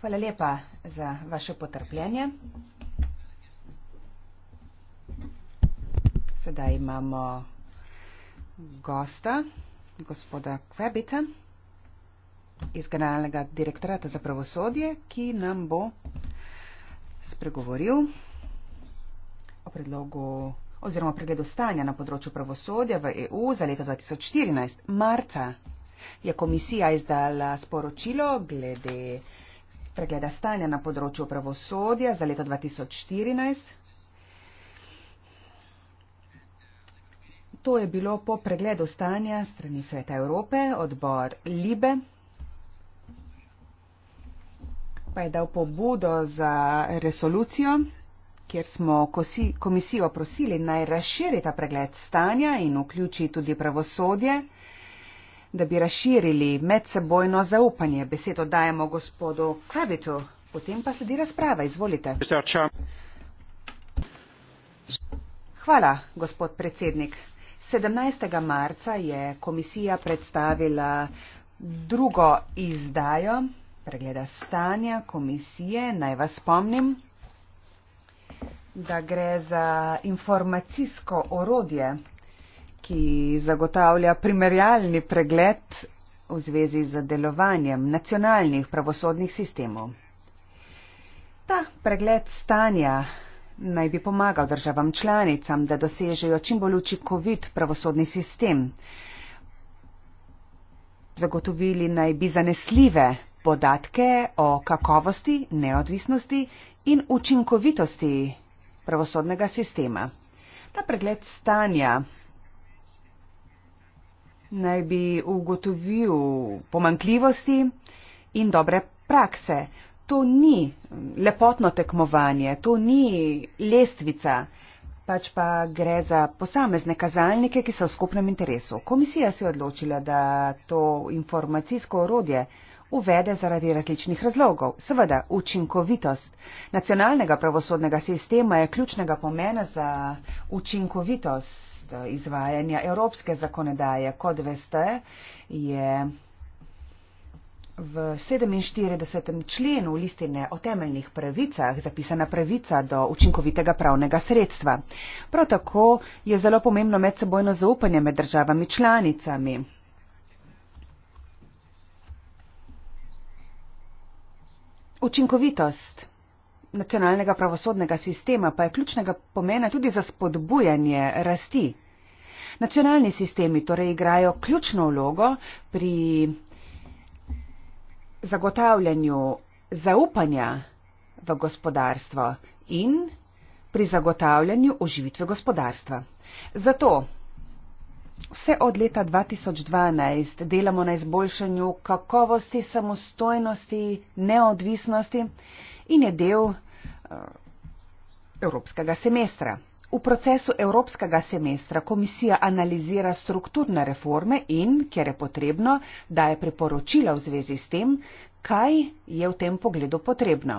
Hvala lepa za vaše potrpljenje. Sedaj imamo gosta, gospoda Krebita iz Generalnega direktorata za pravosodje, ki nam bo spregovoril o predlogu oziroma pregledu stanja na področju pravosodja v EU za leto 2014. Marca je komisija izdala sporočilo glede pregleda stanja na področju pravosodja za leto 2014. To je bilo po pregledu stanja strani Sveta Evrope, odbor Libe pa je dal pobudo za resolucijo, kjer smo komisijo prosili naj razširi ta pregled stanja in vključi tudi pravosodje da bi razširili medsebojno zaupanje. Besedo dajemo gospodu Kravitu, potem pa sledi razprava. Izvolite. Hvala, gospod predsednik. 17. marca je komisija predstavila drugo izdajo pregleda stanja komisije. Naj vas spomnim, da gre za informacijsko orodje ki zagotavlja primerjalni pregled v zvezi z delovanjem nacionalnih pravosodnih sistemov. Ta pregled stanja naj bi pomagal državam članicam, da dosežejo čim bolj učinkovit pravosodni sistem. Zagotovili naj bi zanesljive podatke o kakovosti, neodvisnosti in učinkovitosti pravosodnega sistema. Ta pregled stanja naj bi ugotovil pomankljivosti in dobre prakse. To ni lepotno tekmovanje, to ni lestvica, pač pa gre za posamezne kazalnike, ki so v skupnem interesu. Komisija se je odločila, da to informacijsko orodje uvede zaradi različnih razlogov. Seveda, učinkovitost nacionalnega pravosodnega sistema je ključnega pomena za učinkovitost možnost izvajanja evropske zakonodaje. Kot veste, je v 47. členu listine o temeljnih pravicah zapisana pravica do učinkovitega pravnega sredstva. Prav tako je zelo pomembno medsebojno zaupanje med državami članicami. Učinkovitost nacionalnega pravosodnega sistema pa je ključnega pomena tudi za spodbujanje rasti. Nacionalni sistemi torej igrajo ključno vlogo pri zagotavljanju zaupanja v gospodarstvo in pri zagotavljanju oživitve gospodarstva. Zato vse od leta 2012 delamo na izboljšanju kakovosti, samostojnosti, neodvisnosti in je del Eh, evropskega semestra. V procesu evropskega semestra komisija analizira strukturne reforme in, kjer je potrebno, daje priporočila v zvezi s tem, kaj je v tem pogledu potrebno.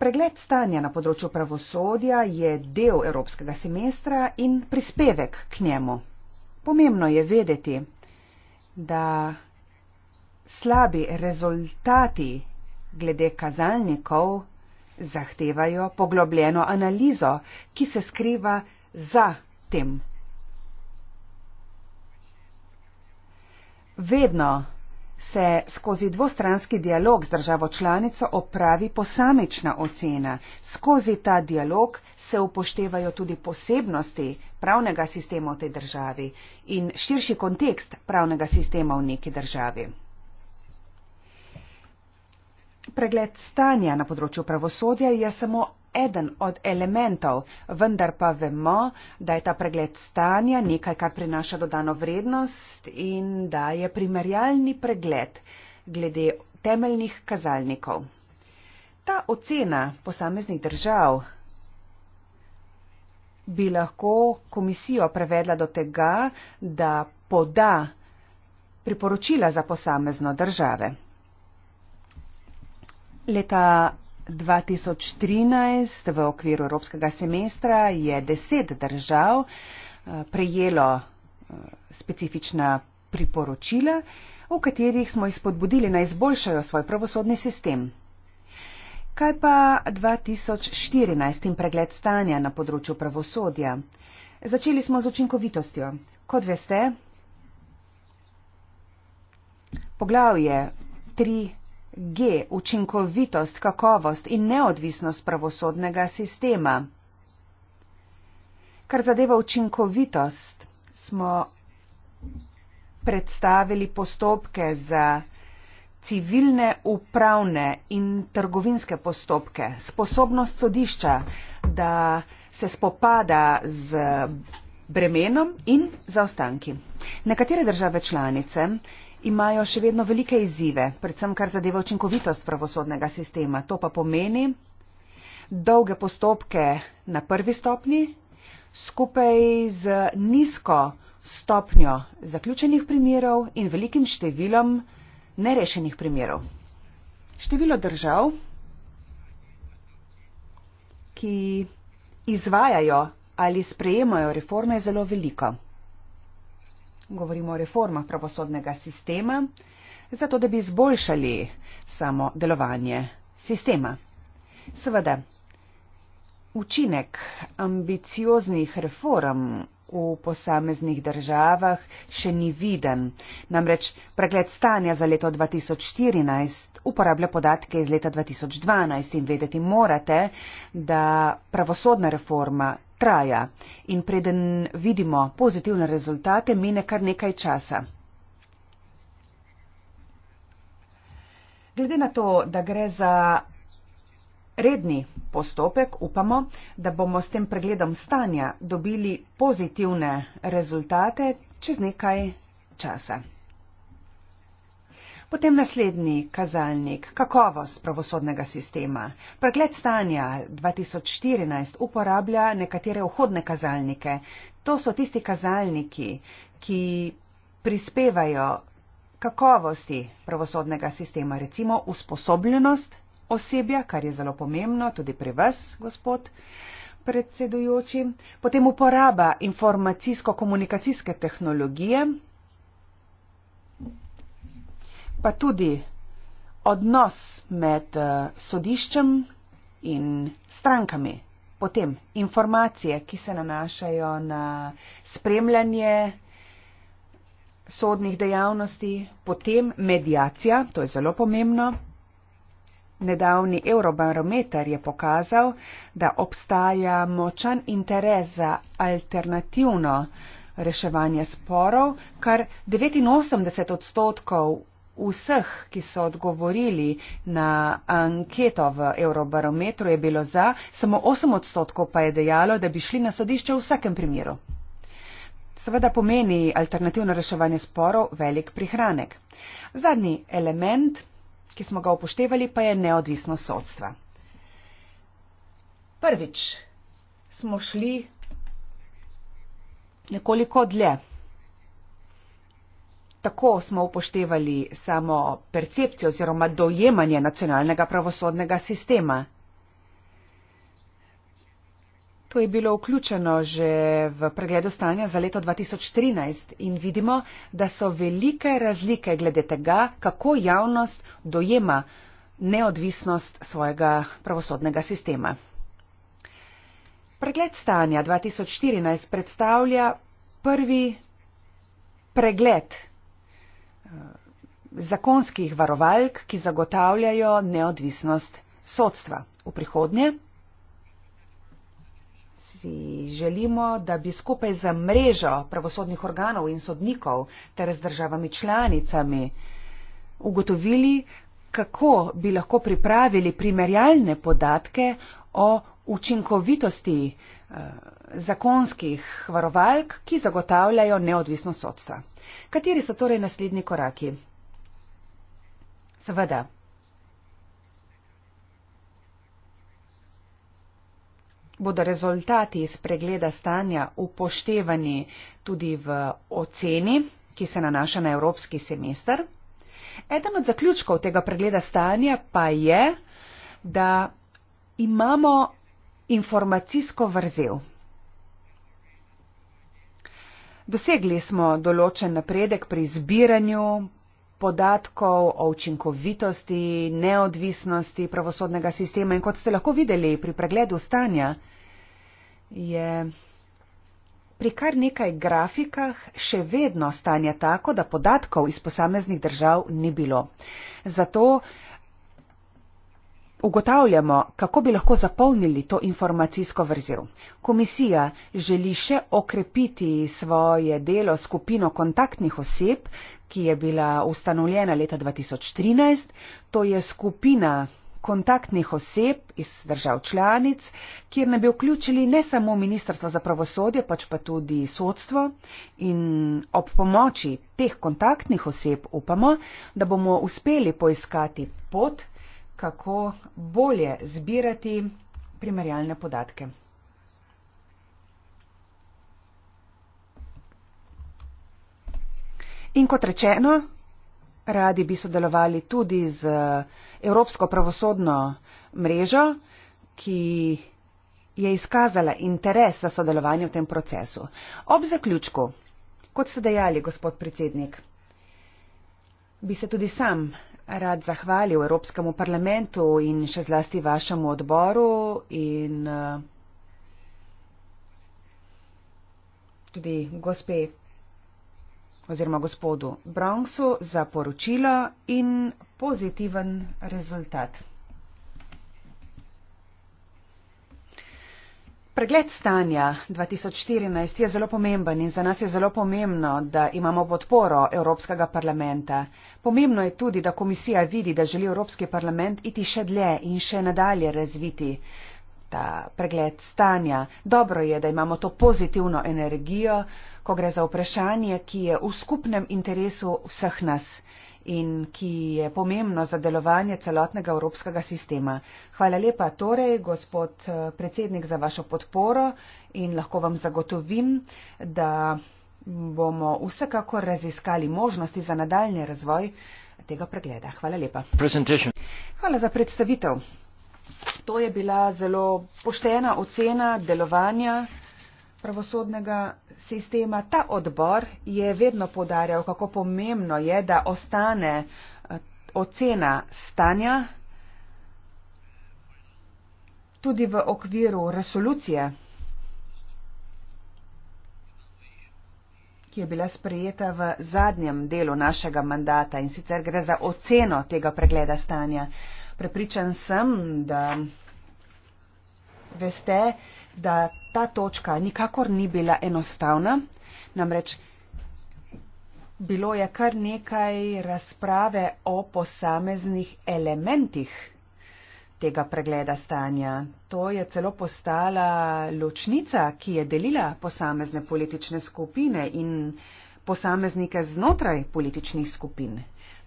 Pregled stanja na področju pravosodja je del evropskega semestra in prispevek k njemu. Pomembno je vedeti, da slabi rezultati glede kazalnikov zahtevajo poglobljeno analizo, ki se skriva za tem. Vedno se skozi dvostranski dialog z državo članico opravi posamična ocena. Skozi ta dialog se upoštevajo tudi posebnosti pravnega sistema v tej državi in širši kontekst pravnega sistema v neki državi pregled stanja na področju pravosodja je samo eden od elementov, vendar pa vemo, da je ta pregled stanja nekaj, kar prinaša dodano vrednost in da je primerjalni pregled glede temeljnih kazalnikov. Ta ocena posameznih držav bi lahko komisijo prevedla do tega, da poda priporočila za posamezno države. Leta 2013 v okviru Evropskega semestra je deset držav eh, prejelo eh, specifična priporočila, v katerih smo jih spodbudili na izboljšajo svoj pravosodni sistem. Kaj pa 2014 in pregled stanja na področju pravosodja? Začeli smo z učinkovitostjo. Kot veste, poglavje G. Učinkovitost, kakovost in neodvisnost pravosodnega sistema. Kar zadeva učinkovitost, smo predstavili postopke za civilne, upravne in trgovinske postopke, sposobnost sodišča, da se spopada z bremenom in zaostanki. Nekatere države članice imajo še vedno velike izzive, predvsem kar zadeva učinkovitost pravosodnega sistema. To pa pomeni dolge postopke na prvi stopni skupaj z nizko stopnjo zaključenih primerov in velikim številom nerešenih primerov. Število držav, ki izvajajo ali sprejemajo reforme, je zelo veliko govorimo o reformah pravosodnega sistema, zato da bi izboljšali samo delovanje sistema. Seveda, učinek ambicioznih reform v posameznih državah še ni viden. Namreč pregled stanja za leto 2014 uporablja podatke iz leta 2012 in vedeti morate, da pravosodna reforma traja in preden vidimo pozitivne rezultate, mine kar nekaj časa. Glede na to, da gre za redni postopek, upamo, da bomo s tem pregledom stanja dobili pozitivne rezultate čez nekaj časa. Potem naslednji kazalnik, kakovost pravosodnega sistema. Pregled stanja 2014 uporablja nekatere vhodne kazalnike. To so tisti kazalniki, ki prispevajo kakovosti pravosodnega sistema, recimo usposobljenost osebja, kar je zelo pomembno tudi pri vas, gospod predsedujoči, potem uporaba informacijsko-komunikacijske tehnologije, pa tudi odnos med eh, sodiščem in strankami. Potem informacije, ki se nanašajo na spremljanje sodnih dejavnosti, potem medijacija, to je zelo pomembno. Nedavni Eurobarometer je pokazal, da obstaja močan interes za alternativno reševanje sporov, kar 89 odstotkov vseh, ki so odgovorili na anketo v Eurobarometru, je bilo za, samo 8 odstotkov pa je dejalo, da bi šli na sodišče v vsakem primeru. Seveda pomeni alternativno reševanje sporov velik prihranek. Zadnji element, ki smo ga upoštevali, pa je neodvisno sodstva. Prvič smo šli nekoliko dlje. Tako smo upoštevali samo percepcijo oziroma dojemanje nacionalnega pravosodnega sistema. To je bilo vključeno že v pregledu stanja za leto 2013 in vidimo, da so velike razlike glede tega, kako javnost dojema neodvisnost svojega pravosodnega sistema. Pregled stanja 2014 predstavlja prvi pregled zakonskih varovalk, ki zagotavljajo neodvisnost sodstva v prihodnje. Si želimo, da bi skupaj za mrežo pravosodnih organov in sodnikov ter z državami članicami ugotovili, kako bi lahko pripravili primerjalne podatke o učinkovitosti zakonskih varovalk, ki zagotavljajo neodvisnost sodstva. Kateri so torej naslednji koraki? Seveda. Bodo rezultati iz pregleda stanja upoštevani tudi v oceni, ki se nanaša na evropski semester. Eden od zaključkov tega pregleda stanja pa je, da imamo informacijsko vrzel. Dosegli smo določen napredek pri zbiranju podatkov o učinkovitosti, neodvisnosti pravosodnega sistema in kot ste lahko videli pri pregledu stanja, je pri kar nekaj grafikah še vedno stanje tako, da podatkov iz posameznih držav ni bilo. Zato ugotavljamo, kako bi lahko zapolnili to informacijsko vrzel. Komisija želi še okrepiti svoje delo skupino kontaktnih oseb, ki je bila ustanovljena leta 2013. To je skupina kontaktnih oseb iz držav članic, kjer ne bi vključili ne samo Ministrstvo za pravosodje, pač pa tudi sodstvo. In ob pomoči teh kontaktnih oseb upamo, da bomo uspeli poiskati pot, kako bolje zbirati primerjalne podatke. In kot rečeno, radi bi sodelovali tudi z Evropsko pravosodno mrežo, ki je izkazala interes za sodelovanje v tem procesu. Ob zaključku, kot ste dejali, gospod predsednik, bi se tudi sam rad zahvalil Evropskemu parlamentu in še zlasti vašemu odboru in eh, tudi gospe oziroma gospodu Bronxu za poročilo in pozitiven rezultat. Pregled stanja 2014 je zelo pomemben in za nas je zelo pomembno, da imamo podporo Evropskega parlamenta. Pomembno je tudi, da komisija vidi, da želi Evropski parlament iti še dlje in še nadalje razviti ta pregled stanja. Dobro je, da imamo to pozitivno energijo, ko gre za vprašanje, ki je v skupnem interesu vseh nas in ki je pomembno za delovanje celotnega evropskega sistema. Hvala lepa torej, gospod eh, predsednik, za vašo podporo in lahko vam zagotovim, da bomo vsekakor raziskali možnosti za nadaljni razvoj tega pregleda. Hvala lepa. Hvala za predstavitev. To je bila zelo poštena ocena delovanja pravosodnega sistema. Ta odbor je vedno podarjal, kako pomembno je, da ostane eh, ocena stanja tudi v okviru resolucije, ki je bila sprejeta v zadnjem delu našega mandata in sicer gre za oceno tega pregleda stanja. Prepričan sem, da veste, da ta točka nikakor ni bila enostavna. Namreč bilo je kar nekaj razprave o posameznih elementih tega pregleda stanja. To je celo postala ločnica, ki je delila posamezne politične skupine in posameznike znotraj političnih skupin.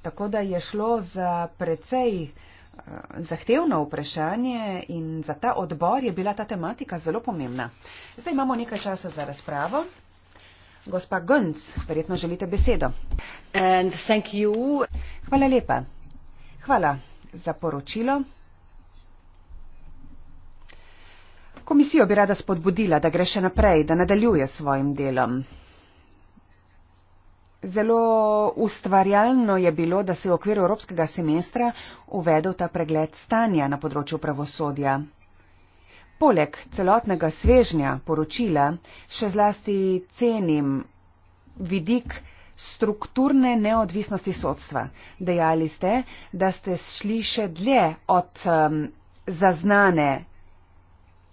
Tako da je šlo za precej zahtevno vprašanje in za ta odbor je bila ta tematika zelo pomembna. Zdaj imamo nekaj časa za razpravo. Gospa Gönc, verjetno želite besedo. Hvala lepa. Hvala za poročilo. Komisijo bi rada spodbudila, da gre še naprej, da nadaljuje s svojim delom. Zelo ustvarjalno je bilo, da se je v okviru evropskega semestra uvedel ta pregled stanja na področju pravosodja. Poleg celotnega svežnja poročila še zlasti cenim vidik strukturne neodvisnosti sodstva. Dejali ste, da ste šli še dlje od um, zaznane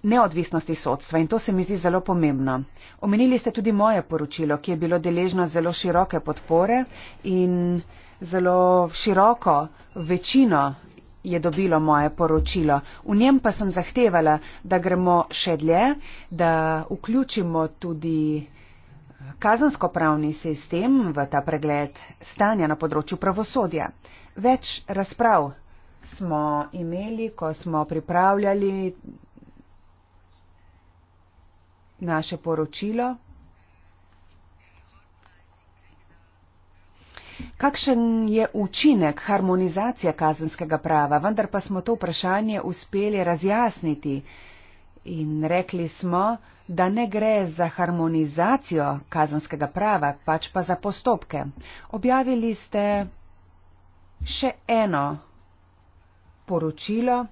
neodvisnosti sodstva in to se mi zdi zelo pomembno. Omenili ste tudi moje poročilo, ki je bilo deležno zelo široke podpore in zelo široko večino je dobilo moje poročilo. V njem pa sem zahtevala, da gremo še dlje, da vključimo tudi eh, kazansko pravni sistem v ta pregled stanja na področju pravosodja. Več razprav smo imeli, ko smo pripravljali naše poročilo. Kakšen je učinek harmonizacije kazenskega prava? Vendar pa smo to vprašanje uspeli razjasniti in rekli smo, da ne gre za harmonizacijo kazenskega prava, pač pa za postopke. Objavili ste še eno poročilo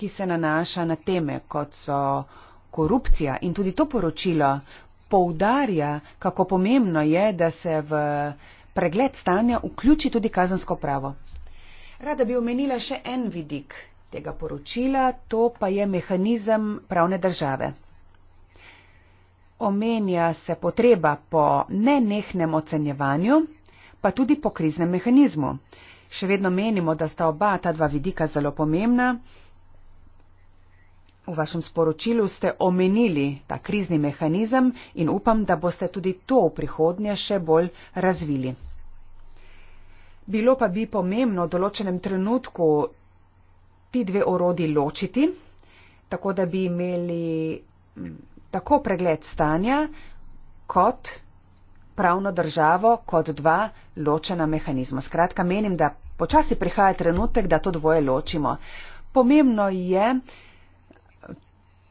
ki se nanaša na teme, kot so korupcija in tudi to poročilo poudarja, kako pomembno je, da se v pregled stanja vključi tudi kazansko pravo. Rada bi omenila še en vidik tega poročila, to pa je mehanizem pravne države. Omenja se potreba po nenehnem ocenjevanju, pa tudi po kriznem mehanizmu. Še vedno menimo, da sta oba ta dva vidika zelo pomembna, V vašem sporočilu ste omenili ta krizni mehanizem in upam, da boste tudi to v prihodnje še bolj razvili. Bilo pa bi pomembno v določenem trenutku ti dve orodi ločiti, tako da bi imeli tako pregled stanja kot pravno državo kot dva ločena mehanizma. Skratka, menim, da počasi prihaja trenutek, da to dvoje ločimo. Pomembno je,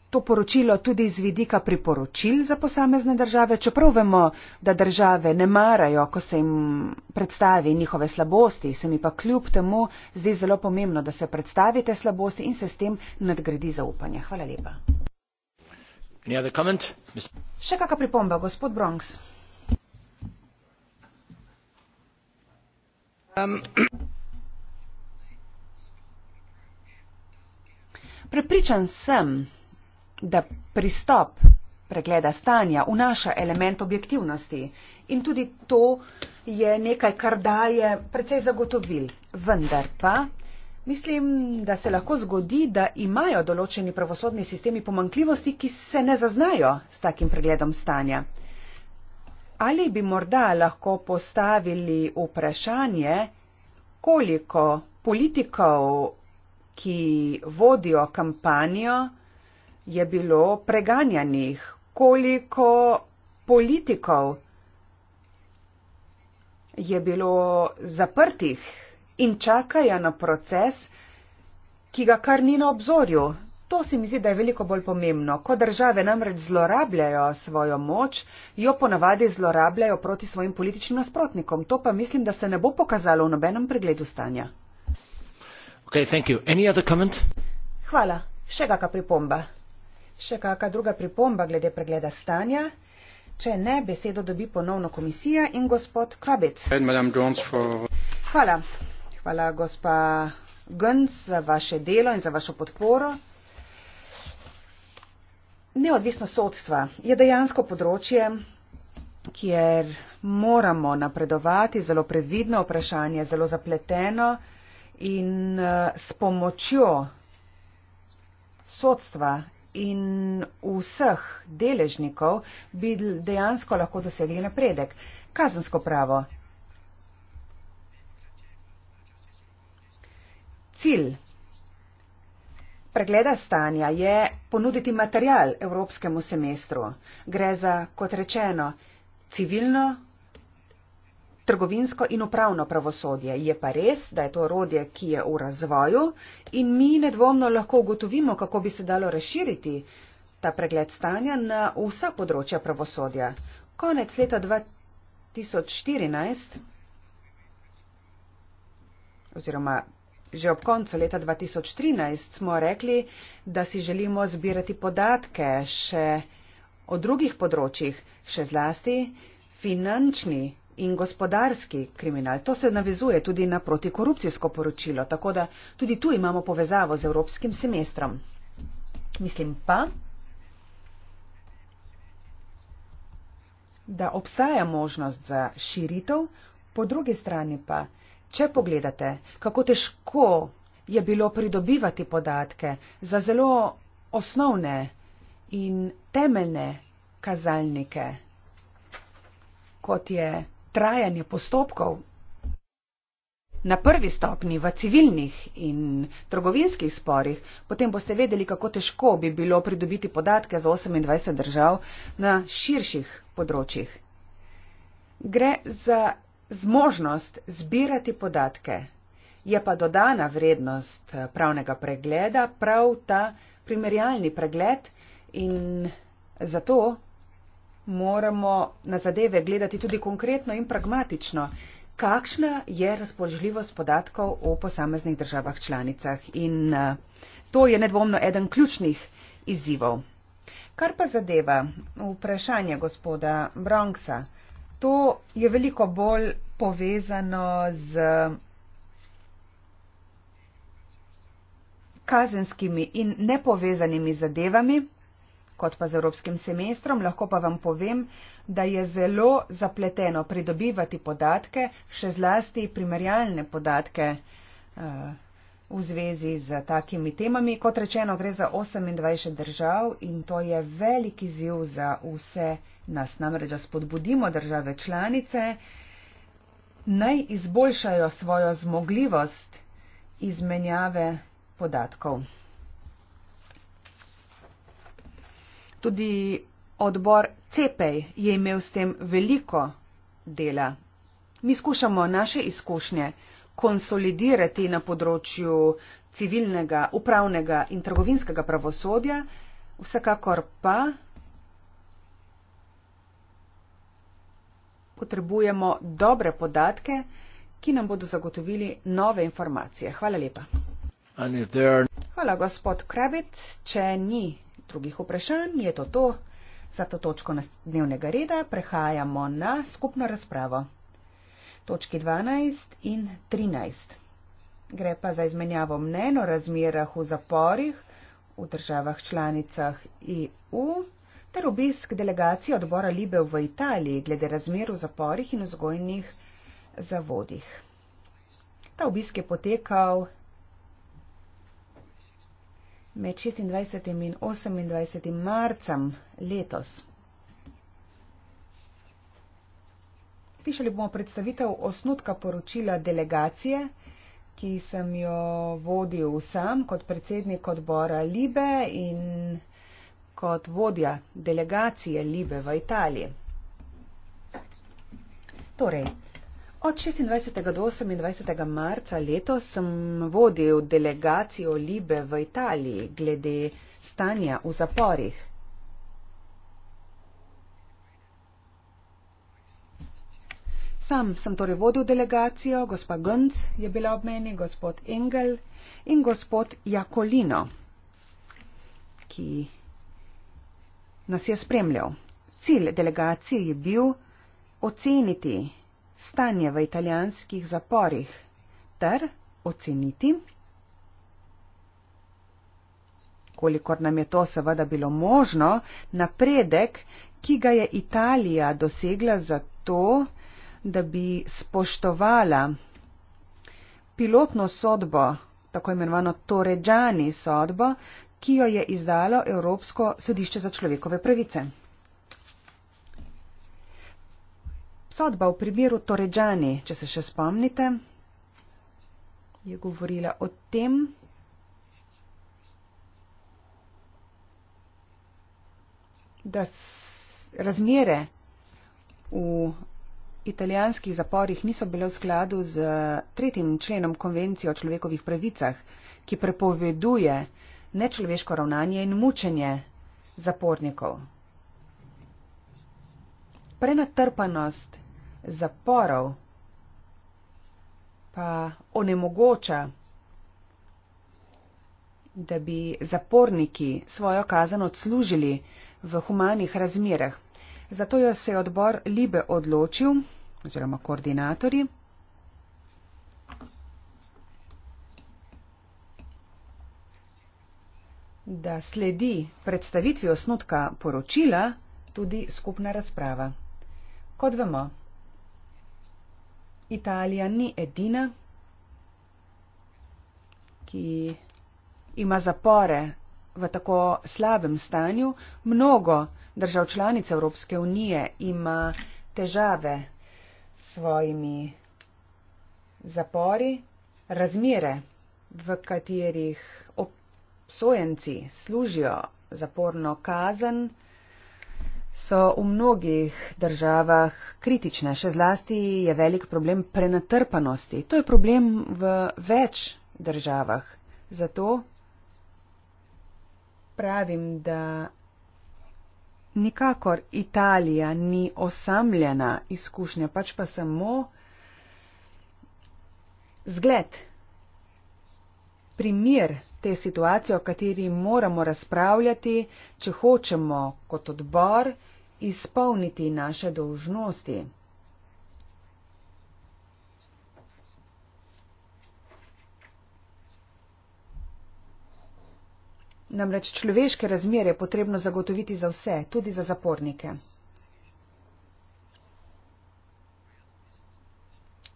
to poročilo tudi z vidika priporočil za posamezne države, čeprav vemo, da države ne marajo, ko se jim predstavi njihove slabosti, se mi pa kljub temu zdi zelo pomembno, da se predstavi te slabosti in se s tem nadgradi zaupanje. Hvala lepa. Še kakšna pripomba, gospod Bronx? Um. Prepričan sem, da pristop pregleda stanja vnaša element objektivnosti in tudi to je nekaj, kar daje precej zagotovil. Vendar pa mislim, da se lahko zgodi, da imajo določeni pravosodni sistemi pomankljivosti, ki se ne zaznajo s takim pregledom stanja. Ali bi morda lahko postavili vprašanje, koliko politikov, ki vodijo kampanjo, je bilo preganjanih, koliko politikov je bilo zaprtih in čakajo na proces, ki ga kar ni na obzorju. To se mi zdi, da je veliko bolj pomembno. Ko države namreč zlorabljajo svojo moč, jo ponavadi zlorabljajo proti svojim političnim nasprotnikom. To pa mislim, da se ne bo pokazalo v nobenem pregledu stanja. Okay, Hvala. Še kakšna pripomba? Še kakšna druga pripomba glede pregleda stanja? Če ne, besedo dobi ponovno komisija in gospod Krabic. Hvala. Hvala, gospa Gönc, za vaše delo in za vašo podporo. Neodvisno sodstva je dejansko področje, kjer moramo napredovati, zelo previdno vprašanje, zelo zapleteno in eh, s pomočjo sodstva in vseh deležnikov bi dejansko lahko dosegli napredek. Kazensko pravo. Cilj pregleda stanja je ponuditi material evropskemu semestru. Gre za, kot rečeno, civilno trgovinsko in upravno pravosodje. Je pa res, da je to orodje, ki je v razvoju in mi nedvomno lahko ugotovimo, kako bi se dalo razširiti ta pregled stanja na vsa področja pravosodja. Konec leta 2014 oziroma že ob koncu leta 2013 smo rekli, da si želimo zbirati podatke še o drugih področjih, še zlasti finančni in gospodarski kriminal. To se navezuje tudi na protikorupcijsko poročilo, tako da tudi tu imamo povezavo z evropskim semestrom. Mislim pa, da obstaja možnost za širitev, po drugi strani pa, če pogledate, kako težko je bilo pridobivati podatke za zelo osnovne in temeljne kazalnike, kot je trajanje postopkov. Na prvi stopni v civilnih in trgovinskih sporih, potem boste vedeli, kako težko bi bilo pridobiti podatke za 28 držav na širših področjih. Gre za zmožnost zbirati podatke. Je pa dodana vrednost eh, pravnega pregleda prav ta primerjalni pregled in zato moramo na zadeve gledati tudi konkretno in pragmatično, kakšna je razpoložljivost podatkov o posameznih državah članicah. In eh, to je nedvomno eden ključnih izzivov. Kar pa zadeva vprašanje gospoda Bronxa, to je veliko bolj povezano z kazenskimi in nepovezanimi zadevami, kot pa z evropskim semestrom, lahko pa vam povem, da je zelo zapleteno pridobivati podatke, še zlasti primerjalne podatke eh, v zvezi z takimi temami. Kot rečeno, gre za 28 držav in to je veliki ziv za vse nas. Namreč, da spodbudimo države članice, naj izboljšajo svojo zmogljivost izmenjave podatkov. Tudi odbor Cepej je imel s tem veliko dela. Mi skušamo naše izkušnje konsolidirati na področju civilnega, upravnega in trgovinskega pravosodja, vsekakor pa potrebujemo dobre podatke, ki nam bodo zagotovili nove informacije. Hvala lepa. Hvala, gospod Krabit. Če ni drugih vprašanj, je to to. Za to točko dnevnega reda prehajamo na skupno razpravo. Točki 12 in 13. Gre pa za izmenjavo mnen o razmerah v zaporih v državah članicah EU ter obisk delegacije odbora Libe v Italiji glede razmer v zaporih in vzgojnih zavodih. Ta obisk je potekal med 26. in 28. marcem letos. Slišali bomo predstavitev osnutka poročila delegacije, ki sem jo vodil sam kot predsednik odbora Libe in kot vodja delegacije Libe v Italiji. Torej, Od 26. do 28. marca letos sem vodil delegacijo Libe v Italiji glede stanja v zaporih. Sam sem torej vodil delegacijo, gospa Gönc je bila ob meni, gospod Engel in gospod Jakolino, ki nas je spremljal. Cilj delegacije je bil oceniti stanje v italijanskih zaporih ter oceniti, kolikor nam je to seveda bilo možno, napredek, ki ga je Italija dosegla za to, da bi spoštovala pilotno sodbo, tako imenovano Toređani sodbo, ki jo je izdalo Evropsko sodišče za človekove pravice. sodba v primeru Toređani, če se še spomnite, je govorila o tem, da razmere v italijanskih zaporih niso bile v skladu z tretjim členom konvencije o človekovih pravicah, ki prepoveduje nečloveško ravnanje in mučenje zapornikov. Prenatrpanost zaporov, pa onemogoča, da bi zaporniki svojo kazen odslužili v humanih razmerah. Zato jo se je odbor Libe odločil, oziroma koordinatori, da sledi predstavitvi osnutka poročila tudi skupna razprava. Kot vemo, Italija ni edina, ki ima zapore v tako slabem stanju. Mnogo držav članic Evropske unije ima težave s svojimi zapori, razmere, v katerih obsojenci služijo zaporno kazen so v mnogih državah kritične, še zlasti je velik problem prenatrpanosti. To je problem v več državah. Zato pravim, da nikakor Italija ni osamljena izkušnja, pač pa samo zgled, primir te situacije, o kateri moramo razpravljati, če hočemo kot odbor, izpolniti naše dolžnosti. Namreč človeške razmere je potrebno zagotoviti za vse, tudi za zapornike.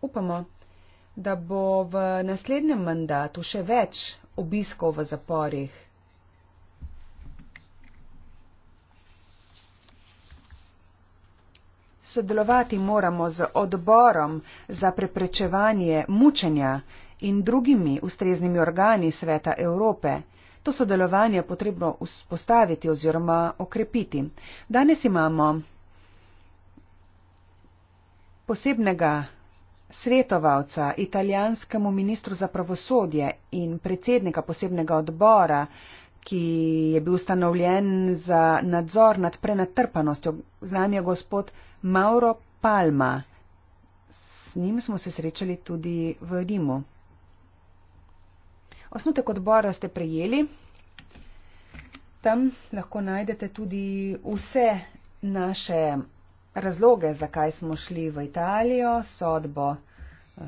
Upamo, da bo v naslednjem mandatu še več obiskov v zaporih Sodelovati moramo z odborom za preprečevanje mučenja in drugimi ustreznimi organi Sveta Evrope. To sodelovanje je potrebno vzpostaviti oziroma okrepiti. Danes imamo posebnega svetovalca italijanskemu ministru za pravosodje in predsednika posebnega odbora, ki je bil ustanovljen za nadzor nad prenatrpanostjo. Z nami je gospod Mauro Palma. S njim smo se srečali tudi v Rimu. Osnutek odbora ste prejeli. Tam lahko najdete tudi vse naše razloge, zakaj smo šli v Italijo, sodbo eh,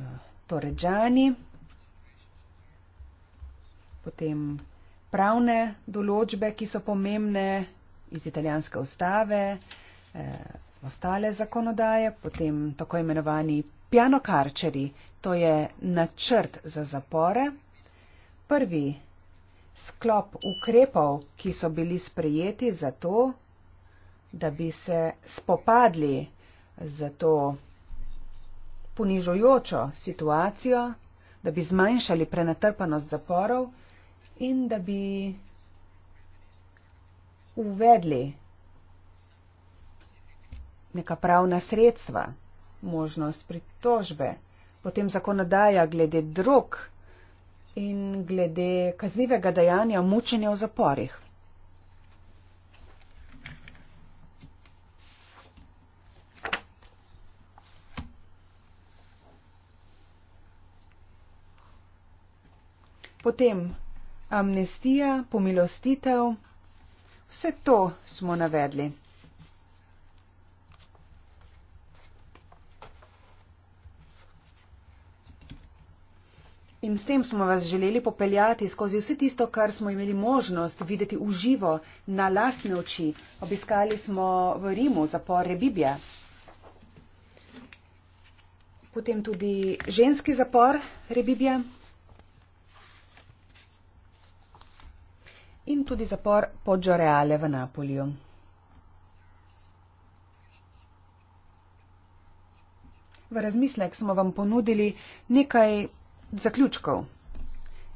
Toređani, potem pravne določbe, ki so pomembne iz italijanske ustave, eh, ostale zakonodaje, potem tako imenovani pianokarčeri, to je načrt za zapore. Prvi sklop ukrepov, ki so bili sprejeti za to, da bi se spopadli z to ponižujočo situacijo, da bi zmanjšali prenatrpanost zaporov in da bi uvedli neka pravna sredstva, možnost pritožbe, potem zakonodaja glede drog in glede kaznivega dejanja mučenja v zaporih. Potem amnestija, pomilostitev, vse to smo navedli. In s tem smo vas želeli popeljati skozi vse tisto, kar smo imeli možnost videti v živo, na lasne oči. Obiskali smo v Rimu zapor Rebibija, potem tudi ženski zapor Rebibija in tudi zapor Podžoreale v Napolju. V razmislek smo vam ponudili nekaj Zaključkov.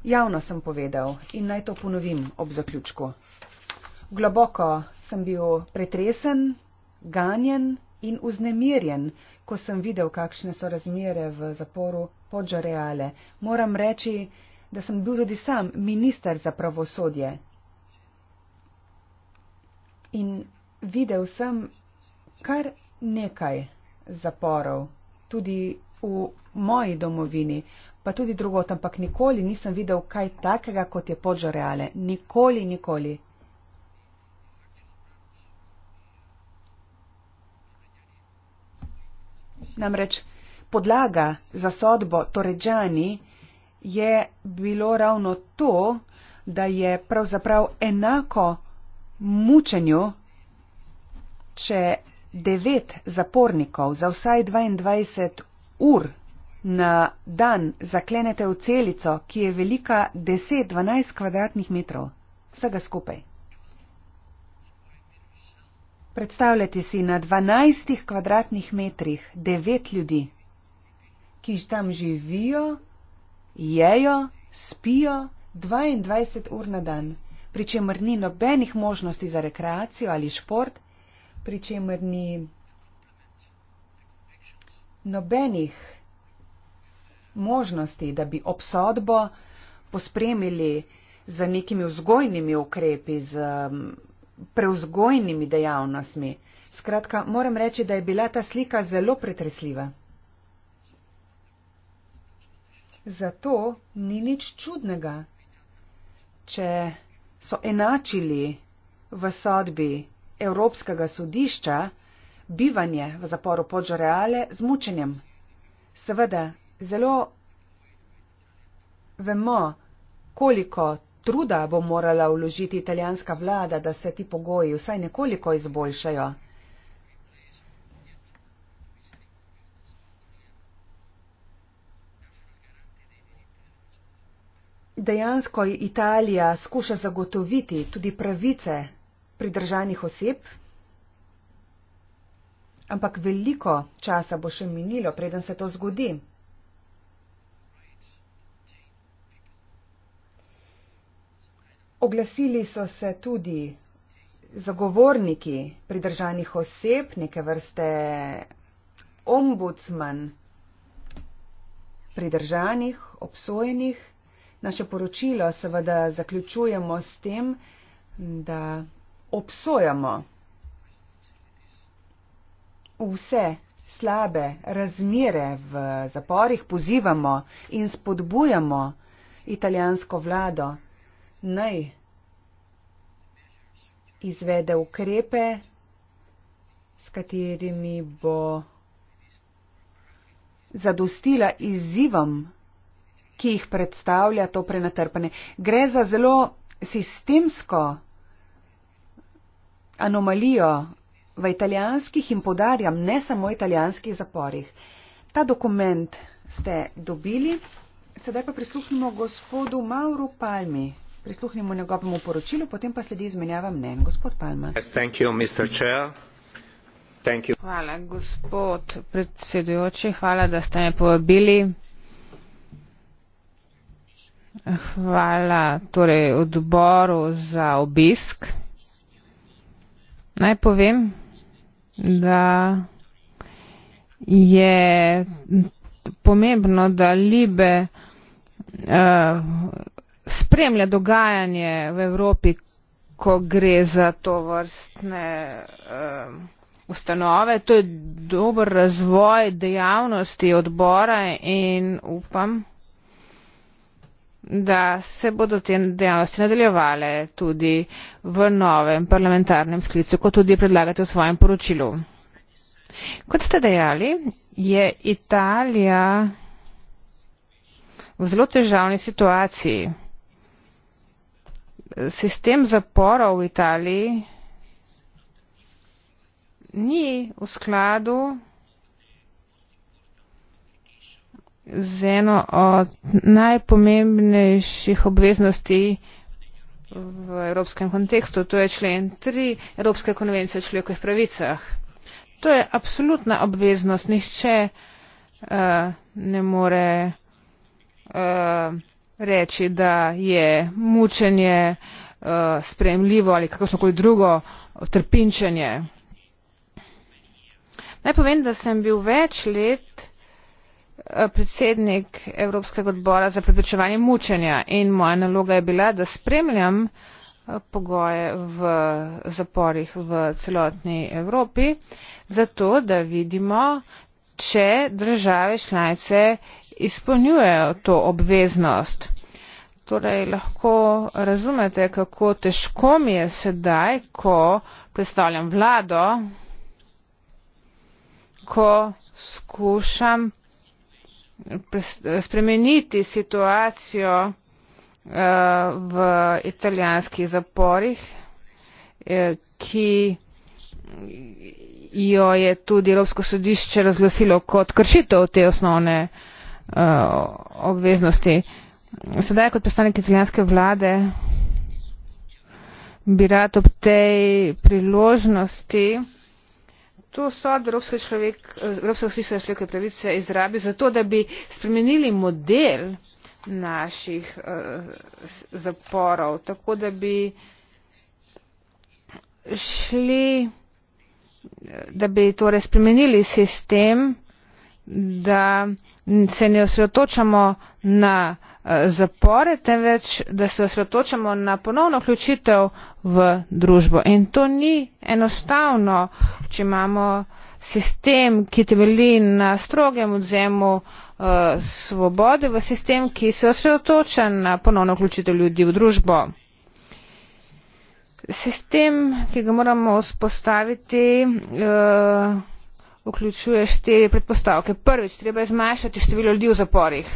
Javno sem povedal in naj to ponovim ob zaključku. Globoko sem bil pretresen, ganjen in uznemirjen, ko sem videl, kakšne so razmere v zaporu Podžoreale. Moram reči, da sem bil tudi sam minister za pravosodje. In videl sem kar nekaj zaporov, tudi v moji domovini, pa tudi drugot, ampak nikoli nisem videl kaj takega, kot je podžoreale. Nikoli, nikoli. Namreč podlaga za sodbo Toređani je bilo ravno to, da je pravzaprav enako mučenju, če devet zapornikov za vsaj 22 ur Na dan zaklenete v celico, ki je velika 10-12 kvadratnih metrov, vsega skupaj. Predstavljajte si na 12 kvadratnih metrih 9 ljudi, ki tam živijo, jejo, spijo 22 ur na dan, pri čemer ni nobenih možnosti za rekreacijo ali šport, pri čemer ni nobenih možnosti, da bi obsodbo pospremili z nekimi vzgojnimi ukrepi, z um, preuzgojnimi dejavnostmi. Skratka, moram reči, da je bila ta slika zelo pretresljiva. Zato ni nič čudnega, če so enačili v sodbi Evropskega sodišča bivanje v zaporu pod žoreale z mučenjem. Seveda, zelo vemo, koliko truda bo morala vložiti italijanska vlada, da se ti pogoji vsaj nekoliko izboljšajo. Dejansko Italija skuša zagotoviti tudi pravice pridržanih oseb, ampak veliko časa bo še minilo, preden se to zgodi. Oglasili so se tudi zagovorniki pridržanih oseb, neke vrste ombudsman pridržanih, obsojenih. Naše poročilo seveda zaključujemo s tem, da obsojamo vse slabe razmere v zaporih, pozivamo in spodbujamo italijansko vlado, naj izvede ukrepe, s katerimi bo zadostila izzivom, ki jih predstavlja to prenatrpanje. Gre za zelo sistemsko anomalijo v italijanskih in podarjam ne samo italijanskih zaporih. Ta dokument ste dobili. Sedaj pa prisluhnimo gospodu Mauro Palmi, Prisluhnimo njegovemu poročilu, potem pa sledi izmenjava mnen. Gospod Palma. Hvala, gospod predsedujoči, hvala, da ste me povabili. Hvala torej odboru za obisk. Naj povem, da je pomembno, da Libe uh, spremlja dogajanje v Evropi, ko gre za to vrstne um, ustanove. To je dober razvoj dejavnosti odbora in upam, da se bodo te dejavnosti nadaljevale tudi v novem parlamentarnem sklicu, kot tudi predlagate v svojem poročilu. Kot ste dejali, je Italija v zelo težavni situaciji sistem zaporov v Italiji ni v skladu z eno od najpomembnejših obveznosti v evropskem kontekstu. To je člen 3 Evropske konvencije o človekovih pravicah. To je absolutna obveznost. Nihče uh, ne more. Uh, reči, da je mučenje uh, eh, spremljivo ali kakršnokoli drugo trpinčenje. Naj povem, da sem bil več let eh, predsednik Evropskega odbora za preprečevanje mučenja in moja naloga je bila, da spremljam eh, pogoje v zaporih v celotni Evropi, zato da vidimo, če države članice izpolnjujejo to obveznost. Torej lahko razumete, kako težko mi je sedaj, ko predstavljam vlado, ko skušam spremeniti situacijo eh, v italijanskih zaporih, eh, ki jo je tudi Evropsko sodišče razglasilo kot kršitev te osnovne uh, obveznosti. Sedaj, kot predstavnik italijanske vlade, bi rad ob tej priložnosti to sod Evropske sodišče za človekove pravice izrabil zato, da bi spremenili model naših uh, zaporov, tako da bi šli da bi torej spremenili sistem, da se ne osredotočamo na eh, zapore, temveč da se osredotočamo na ponovno vključitev v družbo. In to ni enostavno, če imamo sistem, ki temelji na strogem odzemu eh, svobode, v sistem, ki se osredotoča na ponovno vključitev ljudi v družbo sistem, ki ga moramo vzpostaviti, uh, vključuje štiri predpostavke. Prvič, treba je zmanjšati število ljudi v zaporih.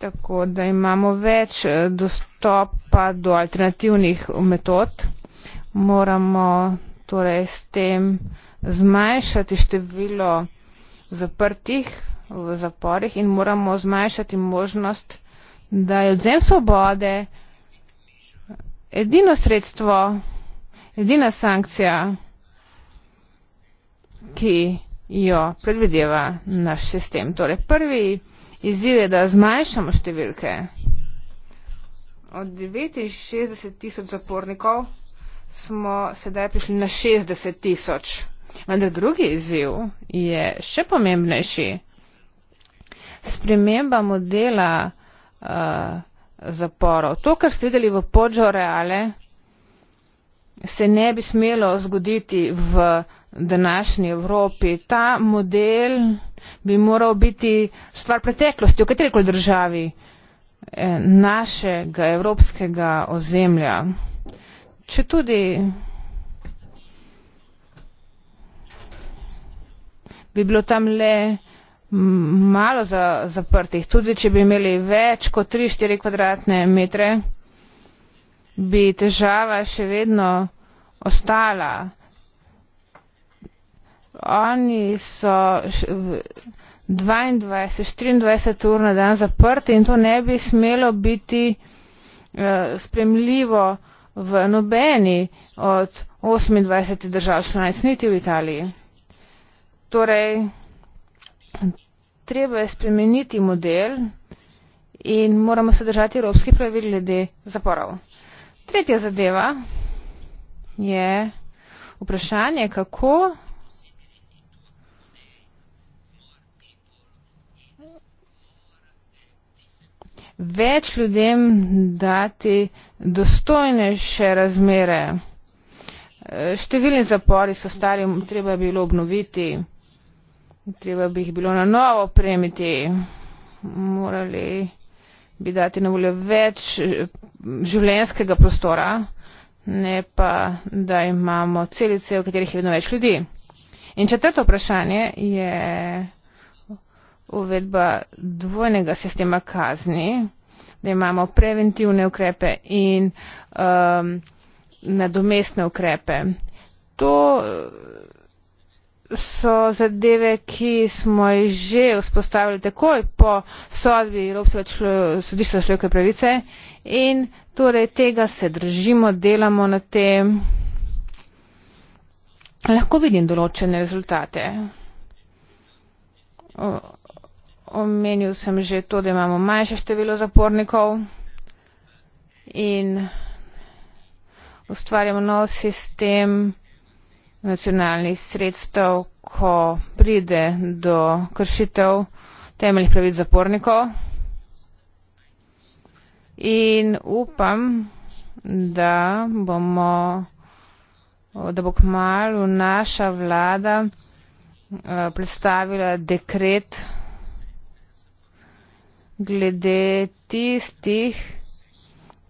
Tako da imamo več eh, dostopa do alternativnih metod. Moramo torej s tem zmanjšati število zaprtih v zaporih in moramo zmanjšati možnost, da je odzem svobode, uh, edino sredstvo, edina sankcija, ki jo predvideva naš sistem. Torej, prvi izziv je, da zmanjšamo številke. Od 69 tisoč zapornikov smo sedaj prišli na 60 tisoč. Vendar drugi izziv je še pomembnejši. Sprememba modela uh, zaporov. To, kar ste videli v Podžoreale, se ne bi smelo zgoditi v današnji Evropi. Ta model bi moral biti stvar preteklosti, v katerikoli državi eh, našega evropskega ozemlja. Če tudi bi bilo tam le malo zaprtih tudi če bi imeli več kot tri štiri kvadratne metre bi težava še vedno ostala oni so 22, 24 ur na dan zaprti in to ne bi smelo biti uh, spremljivo v nobeni od 28 držav članic, niti v Italiji. Torej, treba je spremeniti model in moramo se držati evropskih pravil glede zaporov. Tretja zadeva je vprašanje, kako več ljudem dati dostojnejše razmere. Številni zapori so stari, treba je bilo obnoviti treba bi jih bilo na novo opremiti, morali bi dati na voljo več eh, življenskega prostora, ne pa, da imamo celice, v katerih je vedno več ljudi. In četrto vprašanje je uvedba dvojnega sistema kazni, da imamo preventivne ukrepe in um, nadomestne ukrepe. To so zadeve, ki smo jih že vzpostavili takoj po sodbi Evropskega sodišča za človekove pravice in torej tega se držimo, delamo na tem. Lahko vidim določene rezultate. O, omenil sem že to, da imamo manjše število zapornikov in ustvarjamo nov sistem nacionalnih sredstev, ko pride do kršitev temeljnih pravic zapornikov. In upam, da bomo, da bo kmalo naša vlada eh, predstavila dekret glede tistih,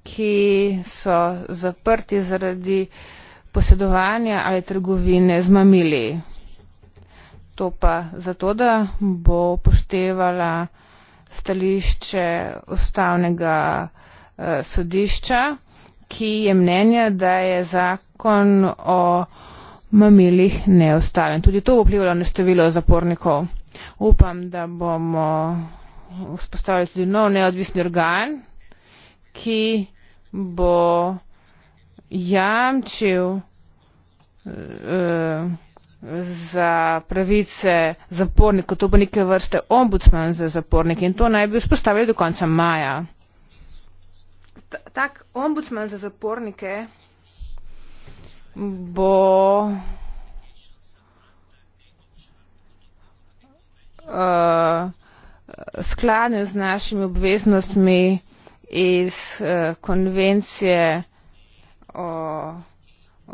ki so zaprti zaradi posedovanja ali trgovine z mamili. To pa zato, da bo upoštevala stališče ustavnega eh, sodišča, ki je mnenja, da je zakon o mamilih neustaven. Tudi to bo vplivalo na število zapornikov. Upam, da bomo vzpostavili tudi nov neodvisni organ, ki bo jamčil eh, za pravice zapornikov. To bo neke vrste ombudsman za zapornike in to naj bi vzpostavili do konca maja. Tak ombudsman za zapornike bo uh, skladen z našimi obveznostmi iz uh, konvencije o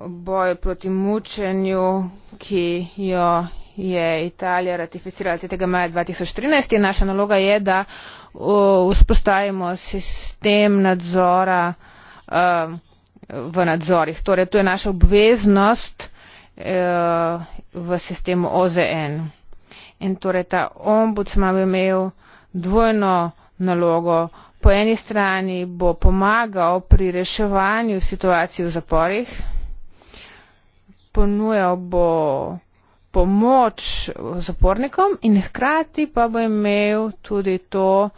boju proti mučenju, ki jo je Italija ratificirala 3. maja 2013 in naša naloga je, da vzpostavimo sistem nadzora uh, v nadzorih. Torej, to je naša obveznost uh, v sistemu OZN. In torej, ta ombudsman bi imel dvojno nalogo po eni strani bo pomagal pri reševanju situacije v zaporih, ponujal bo pomoč zapornikom in hkrati pa bo imel tudi to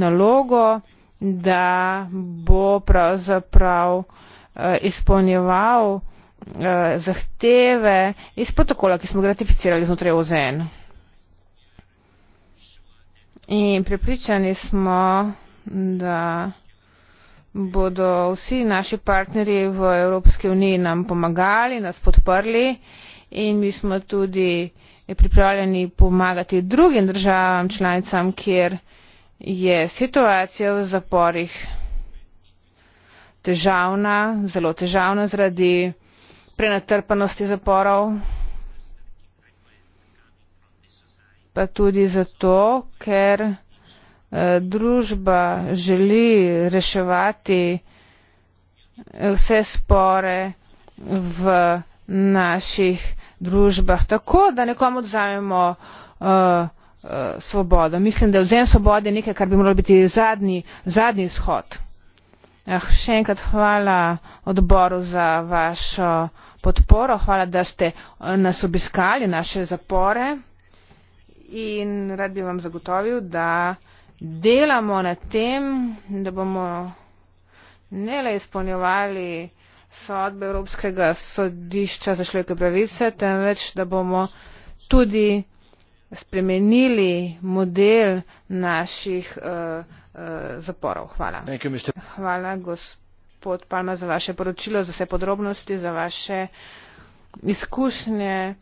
nalogo, da bo pravzaprav eh, izpolnjeval eh, zahteve iz protokola, ki smo ga ratificirali znotraj OZN. In pripričani smo, da bodo vsi naši partnerji v Evropski uniji nam pomagali, nas podprli in mi smo tudi pripravljeni pomagati drugim državam članicam, kjer je situacija v zaporih težavna, zelo težavna zaradi prenatrpanosti zaporov. Pa tudi zato, ker Eh, družba želi reševati eh, vse spore v naših družbah tako, da nekomu odzamemo uh, eh, uh, svobodo. Mislim, da je vzem svobode nekaj, kar bi moralo biti zadnji, zadnji izhod. Ah, še enkrat hvala odboru za vašo podporo, hvala, da ste nas obiskali, naše zapore in rad bi vam zagotovil, da delamo na tem, da bomo ne le izpolnjevali sodbe Evropskega sodišča za človeške pravice, temveč da bomo tudi spremenili model naših uh, uh, zaporov. Hvala. You, Hvala, gospod Palma, za vaše poročilo, za vse podrobnosti, za vaše izkušnje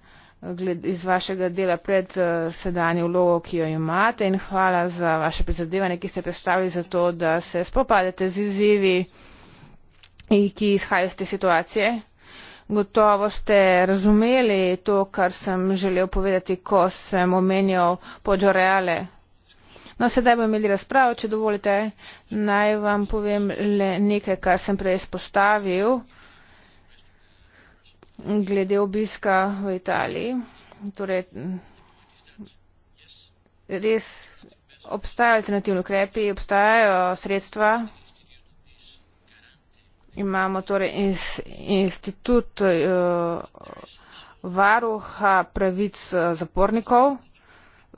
iz vašega dela pred eh, sedanjo vlogo, ki jo imate in hvala za vaše prizadevanje, ki ste predstavili za to, da se spopadete z izzivi, ki izhajajo iz te situacije. Gotovo ste razumeli to, kar sem želel povedati, ko sem omenjal požoreale. No, sedaj bomo imeli razpravo, če dovolite, naj vam povem le nekaj, kar sem prej spostavil glede obiska v Italiji. Torej, res obstajajo alternativni ukrepi, obstajajo sredstva. Imamo torej institut uh, varuha pravic eh, zapornikov,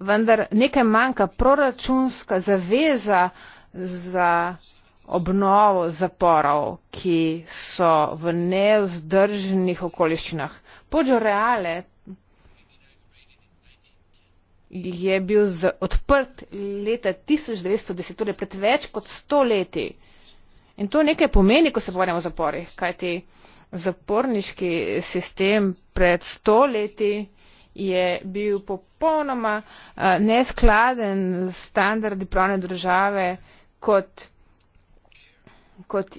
vendar nekaj manjka proračunska zaveza za obnovo zaporov, ki so v nevzdržnih okoliščinah. Pojo Reale je bil odprt leta 1910, torej pred več kot sto leti. In to nekaj pomeni, ko se pogovarjamo o zaporih, kajti zaporniški sistem pred sto leti je bil popolnoma uh, neskladen standardi pravne države kot kot,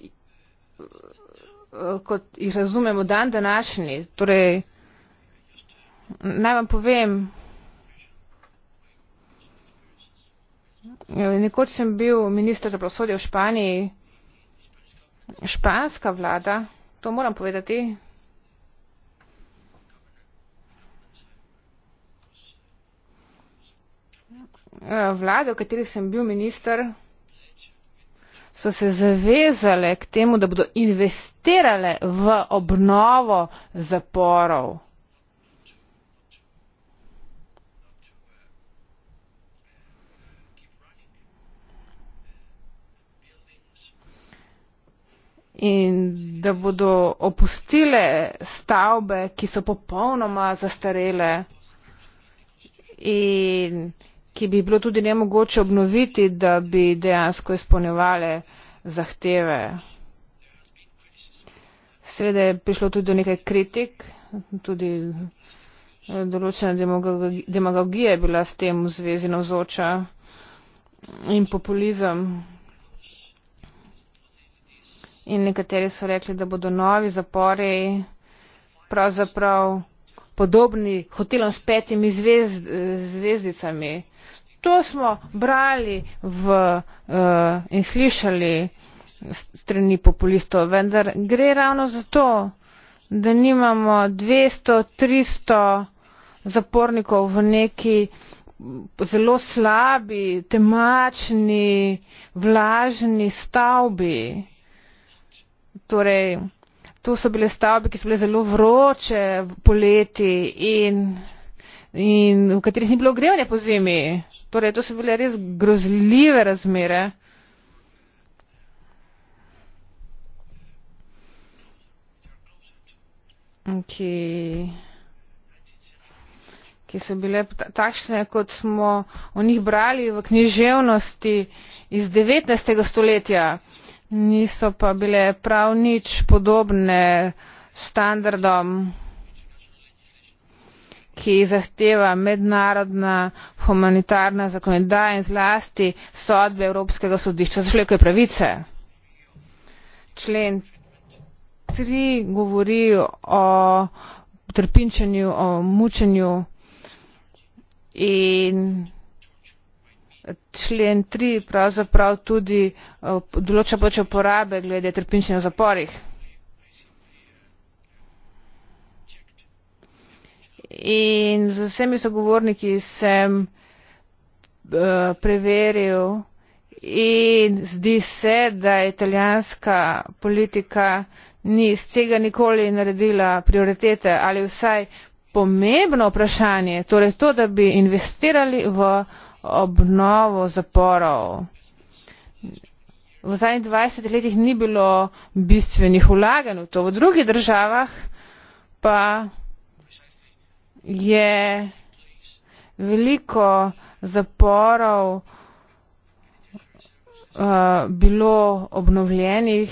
kot jih razumemo dan današnji. Torej, naj vam povem, nekoč sem bil minister za pravosodje v Španiji, španska vlada, to moram povedati. Eh, vlada, v kateri sem bil minister, so se zavezale k temu, da bodo investirale v obnovo zaporov. In da bodo opustile stavbe, ki so popolnoma zastarele in ki bi bilo tudi nemogoče obnoviti, da bi dejansko izpolnjevale zahteve. Seveda je prišlo tudi do nekaj kritik, tudi eh, določena demagogija je bila s tem v zvezi navzoča in populizem. In nekateri so rekli, da bodo novi zapori pravzaprav podobni hotelom s petimi zvezd, zvezdicami. To smo brali v, uh, in slišali strani populistov, vendar gre ravno za to, da nimamo 200, 300 zapornikov v neki zelo slabi, temačni, vlažni stavbi. Torej, to so bile stavbe, ki so bile zelo vroče poleti in, in v katerih ni bilo ogrevanja po zimi. Torej, to so bile res grozljive razmere. Ki, ki so bile takšne, kot smo o njih brali v književnosti iz 19. stoletja niso pa bile prav nič podobne standardom, ki zahteva mednarodna humanitarna zakonodaja in zlasti sodbe Evropskega sodišča za človekove pravice. Člen 3 govori o trpinčenju, o mučenju in člen tri pravzaprav tudi eh, določa področje uporabe glede trpinčenja v zaporih. In z vsemi sogovorniki sem uh, preveril in zdi se, da italijanska politika ni z tega nikoli naredila prioritete ali vsaj pomembno vprašanje, torej to, da bi investirali v obnovo zaporov. V zadnjih 20 letih ni bilo bistvenih vlaganj v to. V drugih državah pa je veliko zaporov uh, bilo obnovljenih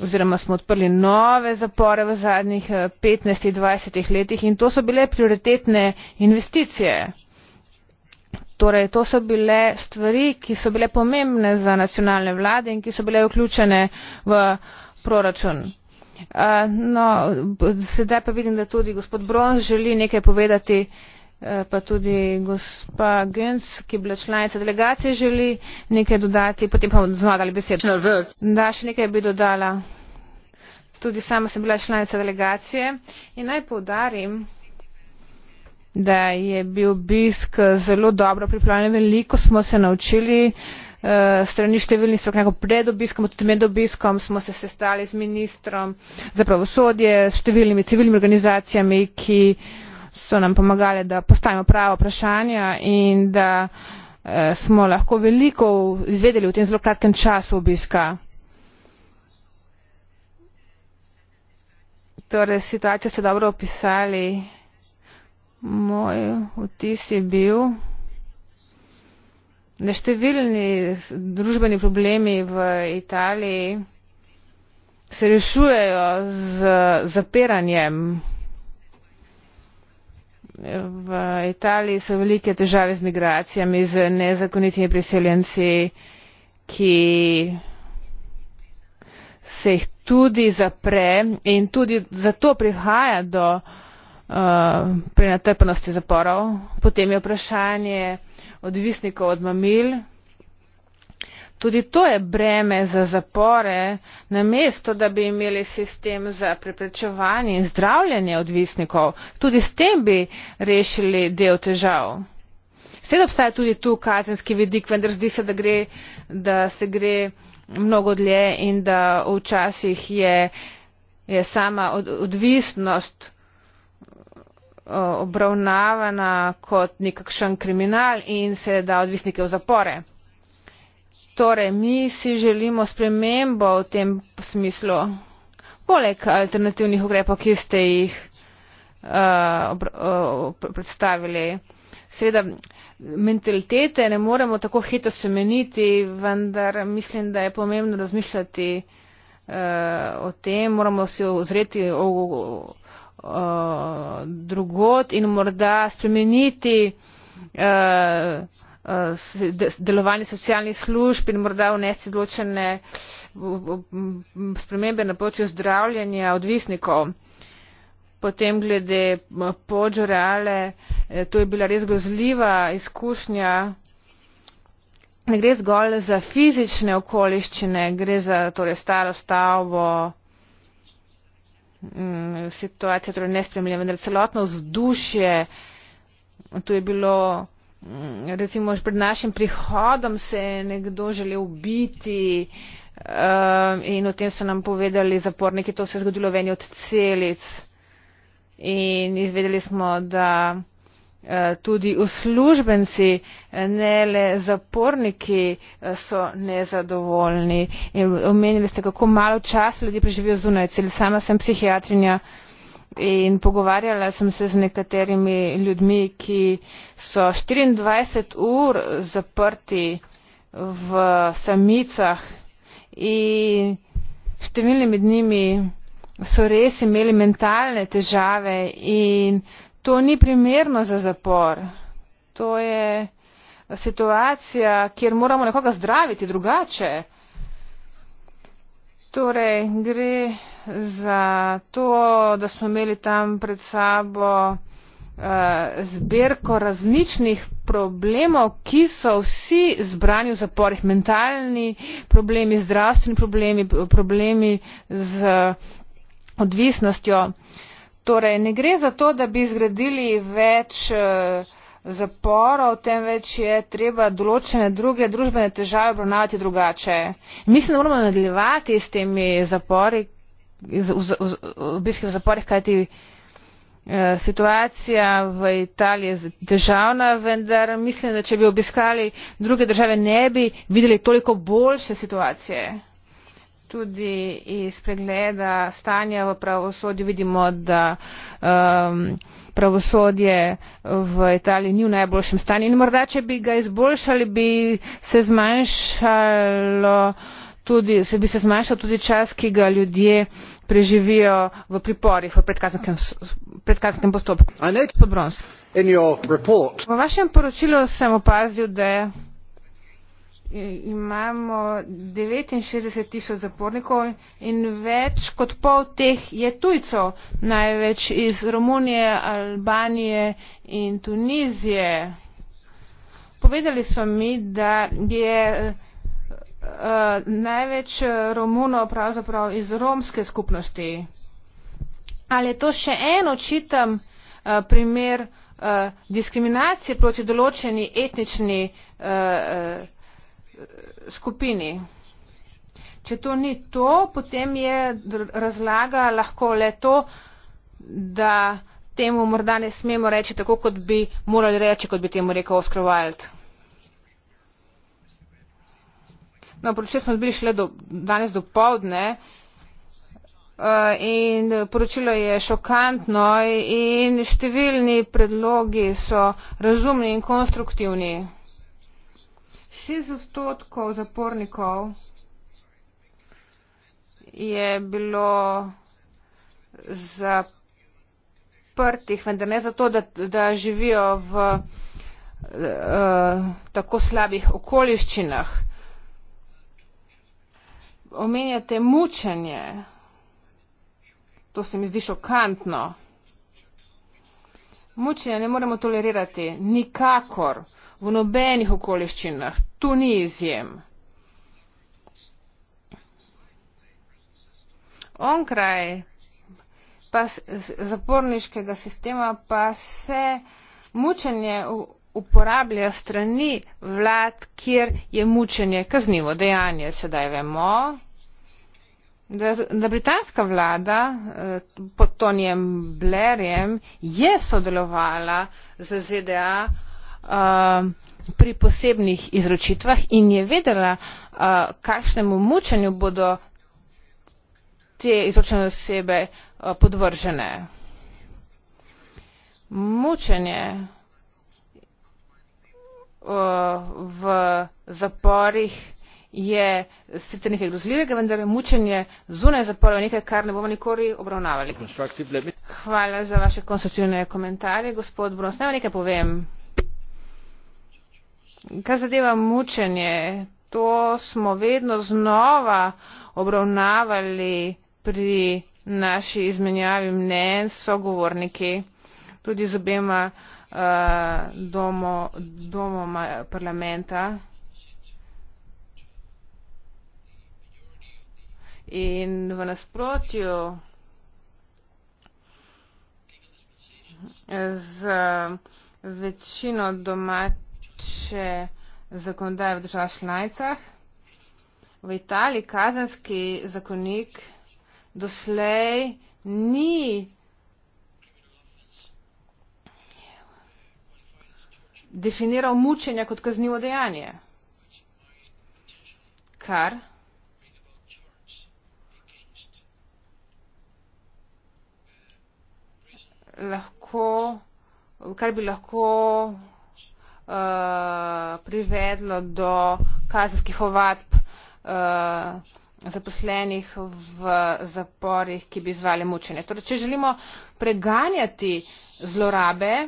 oziroma smo odprli nove zapore v zadnjih 15-20 eh, letih in to so bile prioritetne investicije. Torej, to so bile stvari, ki so bile pomembne za nacionalne vlade in ki so bile vključene v proračun. Uh, no, sedaj pa vidim, da tudi gospod Bronz želi nekaj povedati, uh, pa tudi gospa Gönc, ki je bila članica delegacije, želi nekaj dodati, potem pa znadali besedo. Da, še nekaj bi dodala. Tudi sama sem bila članica delegacije in naj povdarim, da je bil obisk eh, zelo dobro pripravljen. Veliko smo se naučili uh, strani številnih strokovnjakov pred obiskom, tudi med obiskom smo se sestali z ministrom za pravosodje, s številnimi civilnimi organizacijami, ki so nam pomagali, da postavimo prava vprašanja in da uh, smo lahko veliko izvedeli v tem zelo kratkem času obiska. Torej, situacijo ste dobro opisali moj vtis je bil, da številni družbeni problemi v Italiji se rešujejo z zapiranjem. V Italiji so velike težave z migracijami, z nezakonitimi priseljenci, ki se jih tudi zapre in tudi zato prihaja do Eh, pri natrpanosti zaporov potem je vprašanje odvisnikov od mamil tudi to je breme za zapore namesto da bi imeli sistem za preprečevanje in zdravljenje odvisnikov tudi s tem bi rešili del težav seveda obstaja tudi tu kazenski vidik vendar zdi se da gre da se gre mnogo dlje in da včasih je, je sama od, odvisnost Eh, obravnavana kot nekakšen kriminal in se da odvisnike v zapore. Torej, mi si želimo spremembo v tem smislu, poleg alternativnih ukrepov, ki ste jih uh, obr, uh, predstavili. Seveda, mentalitete ne moremo tako hitro semeniti, vendar mislim, da je pomembno razmišljati uh, o tem, moramo si ozreti. Uh, Eh, drugot in morda spremeniti eh, eh, delovanje socialnih služb in morda vnesti določene spremembe na področju zdravljenja odvisnikov. Potem glede podžoreale, to je bila res grozljiva izkušnja. Ne gre zgolj za fizične okoliščine, gre za torej staro stavbo, mm, situacija torej nespremljena, vendar celotno vzdušje, tu je bilo, mm, recimo, že pred našim prihodom se je nekdo želel ubiti um, in o tem so nam povedali zaporniki, to se je zgodilo v eni od celic. In izvedeli smo, da Eh, tudi uslužbenci, eh, ne le zaporniki eh, so nezadovoljni. In omenili ste, kako malo časa ljudje preživijo zunaj. Celi sama sem psihiatrinja in pogovarjala sem se z nekaterimi ljudmi, ki so 24 ur zaprti v samicah in številni med njimi so res imeli mentalne težave in to ni primerno za zapor. To je situacija, kjer moramo nekoga zdraviti drugače. Torej, gre za to, da smo imeli tam pred sabo uh, zbirko različnih problemov, ki so vsi zbrani v zaporih. Mentalni problemi, zdravstveni problemi, problemi z odvisnostjo. Uh, Torej, ne gre za to, da bi zgradili več eh, zaporov, temveč je treba določene druge družbene težave obravnavati drugače. Mislim, da moramo nadaljevati s temi zapori, v bistvu v zaporih, kajti eh, situacija v Italiji je težavna, vendar mislim, da če bi obiskali druge države, ne bi videli toliko boljše situacije. Tudi iz pregleda stanja v pravosodju vidimo, da um, pravosodje v Italiji ni v najboljšem stanju in morda, če bi ga izboljšali, bi se zmanjšalo tudi, se bi se zmanjšal tudi čas, ki ga ljudje preživijo v priporih, v predkazanskem postopku. V vašem poročilu sem opazil, da je imamo 69 tisoč zapornikov in več kot pol teh je tujcev, največ iz Romunije, Albanije in Tunizije. Povedali so mi, da je uh, največ Romunov pravzaprav iz romske skupnosti. Ali je to še en očitam uh, eh, primer uh, diskriminacije proti določeni etnični uh, uh, skupini. Če to ni to, potem je razlaga lahko le to, da temu morda ne smemo reči tako, kot bi morali reči, kot bi temu rekel Oscar Wilde. No, poročilo smo dobili šele do, danes do povdne eh, in poročilo je šokantno in številni predlogi so razumni in konstruktivni šest odstotkov zapornikov je bilo zaprtih, vendar ne zato, da, da živijo v uh, tako slabih okoliščinah. Omenjate mučenje. To se mi zdi šokantno. Mučenja ne moremo tolerirati. Nikakor v nobenih okoliščinah tu ni izjem. Onkraj pa, zaporniškega sistema pa se mučenje uporablja strani vlad, kjer je mučenje kaznivo dejanje. Sedaj vemo, da, da britanska vlada eh, pod Tonijem Blerjem je sodelovala z ZDA Um, pri posebnih izročitvah in je vedela, uh, kakšnemu mučenju bodo te izročene osebe uh, podvržene. Mučenje uh, v zaporih je sicer nekaj grozljivega, vendar mučenje zunaj zaporov je nekaj, kar ne bomo nikoli obravnavali. Hvala za vaše konstruktivne komentarje, gospod Brunos. Naj vam nekaj povem kar zadeva mučenje, to smo vedno znova obravnavali pri naši izmenjavi mnen sogovorniki, tudi z obema uh, domo, domoma parlamenta. In v nasprotju z večino domač tiče zakonodaje v državah članicah. V Italiji kazenski zakonik doslej ni definiral mučenja kot kaznivo dejanje, kar lahko, kar bi lahko uh, privedlo do kazenskih ovadb uh, zaposlenih v zaporih, ki bi izvali mučenje. Torej, če želimo preganjati zlorabe,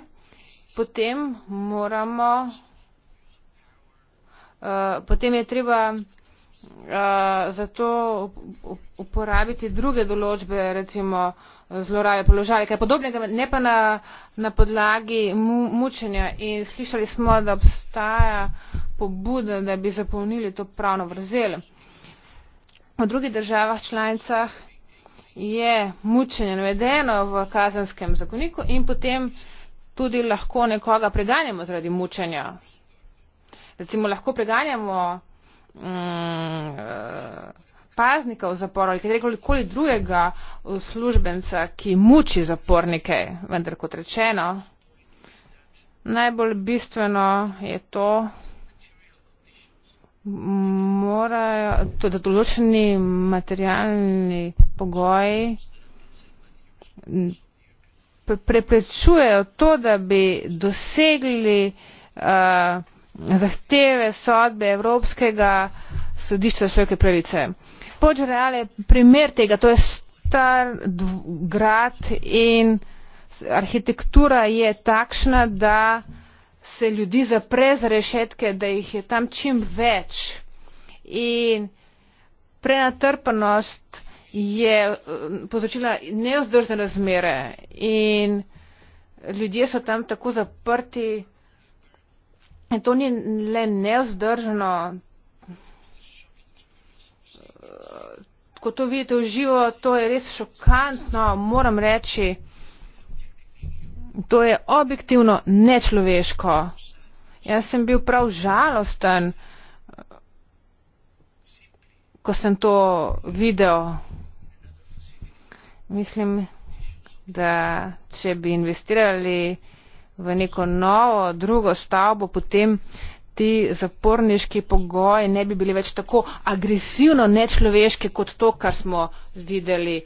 potem moramo. Eh, potem je treba uh, zato uporabiti druge določbe, recimo uh, zlorabe položaja kaj podobnega ne pa na, na podlagi mučenja in slišali smo da obstaja pobuda da bi zapolnili to pravno vrzel v drugih državah članicah je mučenje navedeno v kazenskem zakoniku in potem tudi lahko nekoga preganjamo zaradi mučenja recimo lahko preganjamo mm, uh, paznika v zaporu ali kateregakoli drugega uslužbenca, ki muči zapornike, vendar kot rečeno, najbolj bistveno je to, morajo, to da določeni materialni pogoji preprečujejo to, da bi dosegli uh, zahteve sodbe Evropskega sodišča za človekove pravice. Uh, gospod žerjav je primer tega. To je star grad in arhitektura je takšna, da se ljudi zapre za rešetke, da jih je tam čim več. In prenatrpanost je eh, povzročila neozdržne razmere in ljudje so tam tako zaprti. In to ni le neozdržno, ko to vidite v živo, to je res šokantno, moram reči. To je objektivno nečloveško. Jaz sem bil prav žalosten, ko sem to videl. Mislim, da če bi investirali v neko novo, drugo stavbo, potem uh, ti zaporniški pogoji ne bi bili več tako agresivno nečloveški kot to, kar smo videli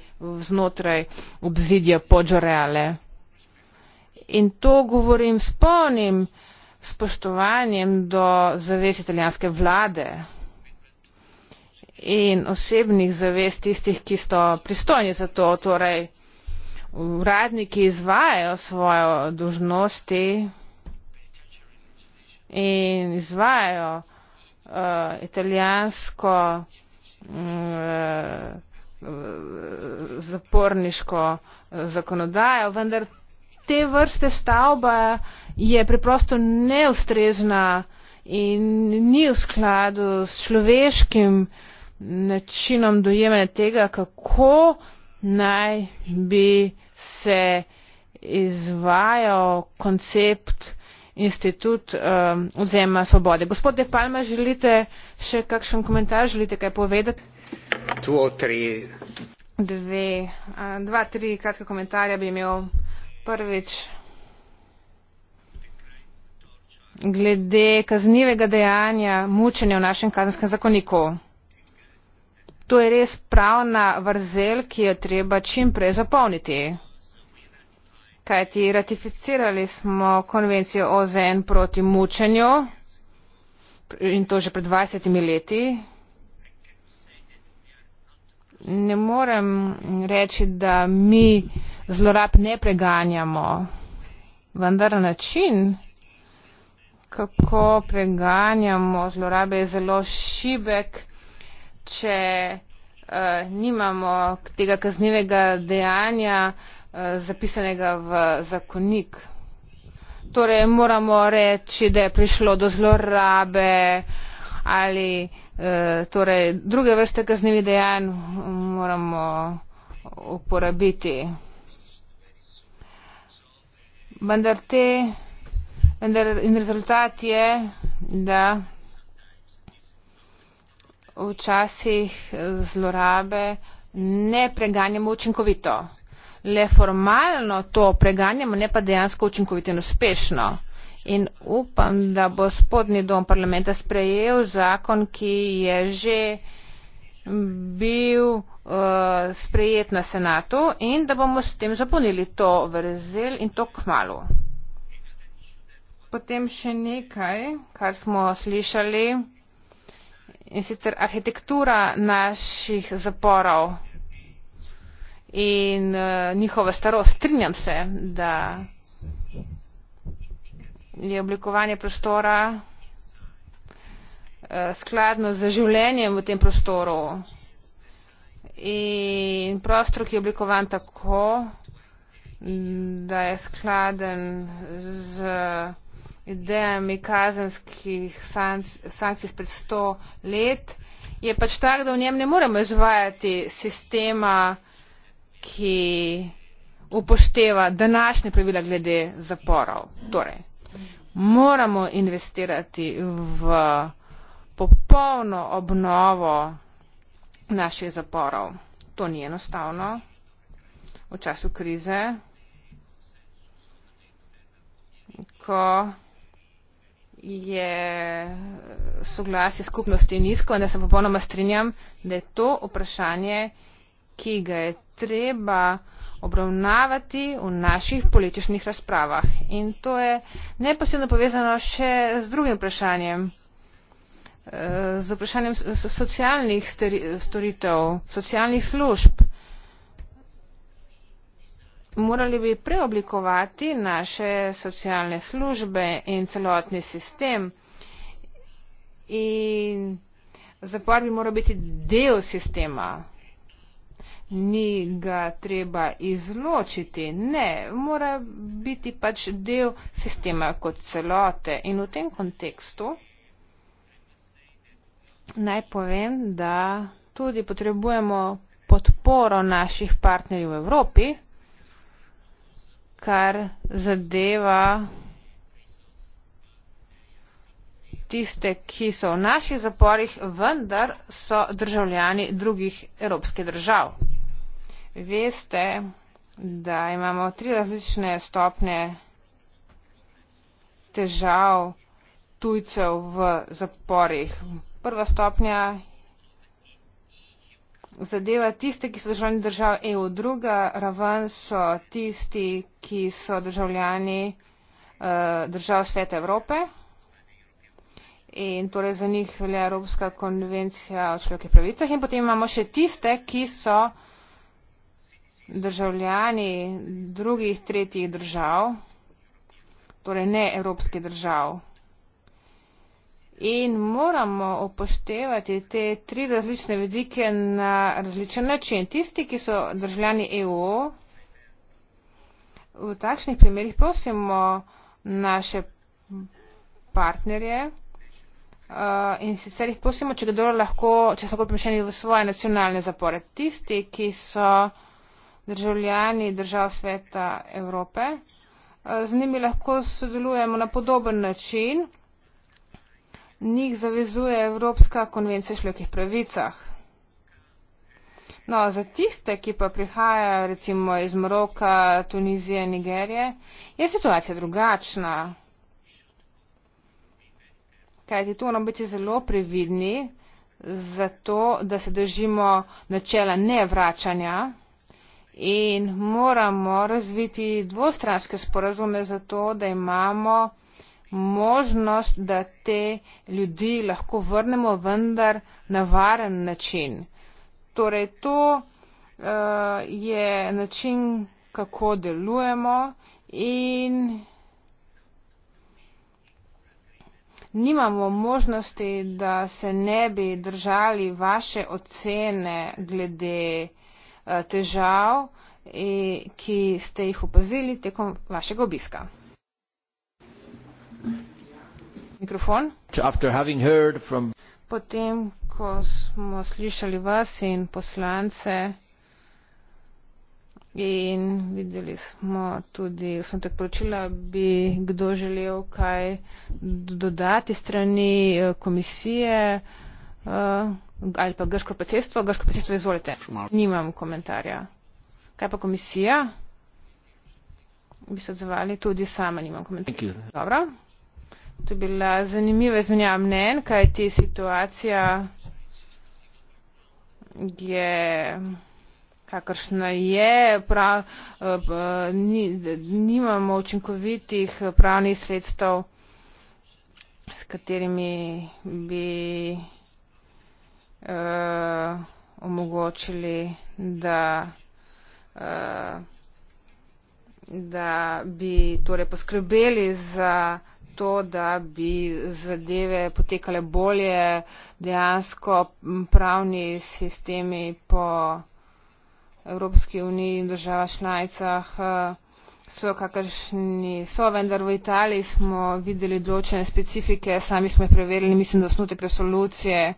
znotraj obzidja Podžoreale. In to govorim s polnim spoštovanjem do zavez italijanske vlade in osebnih zavez tistih, ki so pristojni za to, torej uradniki izvajajo svojo dožnosti in izvajajo uh, italijansko uh, zaporniško eh, zakonodajo, vendar te vrste stavba je preprosto neustrezna in ni v skladu s človeškim načinom dojemanja tega, kako naj bi se izvajal koncept uh, institut ehm, odvzema svobode. gospod de palma želite še kakšen komentar želite kaj povedati? dve dva tri kratka komentarja bi imel prvič glede kaznivega dejanja mučenja v našem kazenskem zakoniku. To je res pravna vrzel, ki jo treba čim prej zapolniti kajti ratificirali smo konvencijo OZN proti mučenju in to že pred 20 leti. Ne morem reči, da mi zlorab ne preganjamo, vendar način, kako preganjamo zlorabe, je zelo šibek, če uh, nimamo tega kaznivega dejanja. Eh, zapisanega v zakonik. Torej moramo reči, da je prišlo do zlorabe ali eh, torej, druge vrste kaznjivih dejanj moramo uporabiti. Vendar te, vendar in rezultat je, da včasih zlorabe ne preganjamo učinkovito le formalno to preganjamo, ne pa dejansko učinkovito in uspešno. In upam, da bo spodnji dom parlamenta sprejel zakon, ki je že bil uh, sprejet na senatu in da bomo s tem zapolnili to vrzel in to kmalo. Potem še nekaj, kar smo slišali in sicer arhitektura naših zaporov in eh, njihova starost. Strinjam se, da je oblikovanje prostora eh, skladno z življenjem v tem prostoru in prostor, ki je oblikovan tako, da je skladen z idejami kazenskih sankcij pred sto let, je pač tak, da v njem ne moremo izvajati sistema ki upošteva današnja pravila glede zaporov. Torej, moramo investirati v popolno obnovo naših zaporov. To ni enostavno v času krize, ko je soglasje skupnosti nizko in da se popolnoma strinjam, da je to vprašanje, ki ki ga je treba obravnavati v naših političnih razpravah. In to je neposredno povezano še z drugim vprašanjem, eh, z vprašanjem socialnih storitev, socialnih služb. Morali bi preoblikovati naše socialne službe in celotni sistem in zapor bi moral biti del sistema ni ga treba izločiti, ne, mora biti pač del sistema kot celote. In v tem kontekstu naj povem, da tudi potrebujemo podporo naših partnerjev v Evropi, kar zadeva tiste, ki so v naših zaporih, vendar so državljani drugih evropskih držav veste, da imamo tri različne stopne težav tujcev v zaporih. Prva stopnja zadeva tiste, ki so državljani držav EU. Druga raven so tisti, ki so državljani eh, držav Sveta Evrope. In torej za njih velja Evropska konvencija o človekih pravicah. In potem imamo še tiste, ki so državljani državljani drugih, tretjih držav, torej ne evropskih držav. In moramo upoštevati te tri različne vidike na različen način. Tisti, ki so državljani EU, v takšnih primerjih prosimo naše partnerje uh, in sicer jih prosimo, če, lahko, če so lahko pomešeni v svoje nacionalne zapore. Tisti, ki so državljani držav sveta Evrope. Z njimi lahko sodelujemo na podoben način. Njih zavezuje Evropska konvencija o človekih pravicah. No, za tiste, ki pa prihajajo recimo iz Maroka, Tunizije, Nigerije, je situacija drugačna. Kajti tu moramo biti zelo previdni, zato da se držimo načela nevračanja in moramo razviti dvostranske sporazume za to, da imamo možnost, da te ljudi lahko vrnemo vendar na varen način. Torej, to uh, je način, kako delujemo in nimamo možnosti, da se ne bi držali vaše ocene glede Eh, težav, ki ste jih opazili tekom vašega obiska. Mikrofon. From... Potem, ko smo slišali vas in poslance in videli smo tudi osnotek poročila, bi kdo želel kaj dodati strani eh, komisije? Uh, Eh, ali pa grško predsedstvo. Grško predsedstvo, izvolite. Nimam komentarja. Kaj pa komisija? Bi se odzvali, tudi sama nimam komentarja. Dobro. To je bila zanimiva izmenjava mnen, kaj ti situacija je kakršna je, prav, eh, ni, nimamo učinkovitih pravnih sredstev, s katerimi bi uh, omogočili, da, uh, da bi torej poskrbeli za to, da bi zadeve potekale bolje, dejansko pravni sistemi po Evropski uniji in država šnajcah. Uh, eh, so kakršni so, vendar v Italiji smo videli določene specifike, sami smo jih preverili, mislim, da osnutek resolucije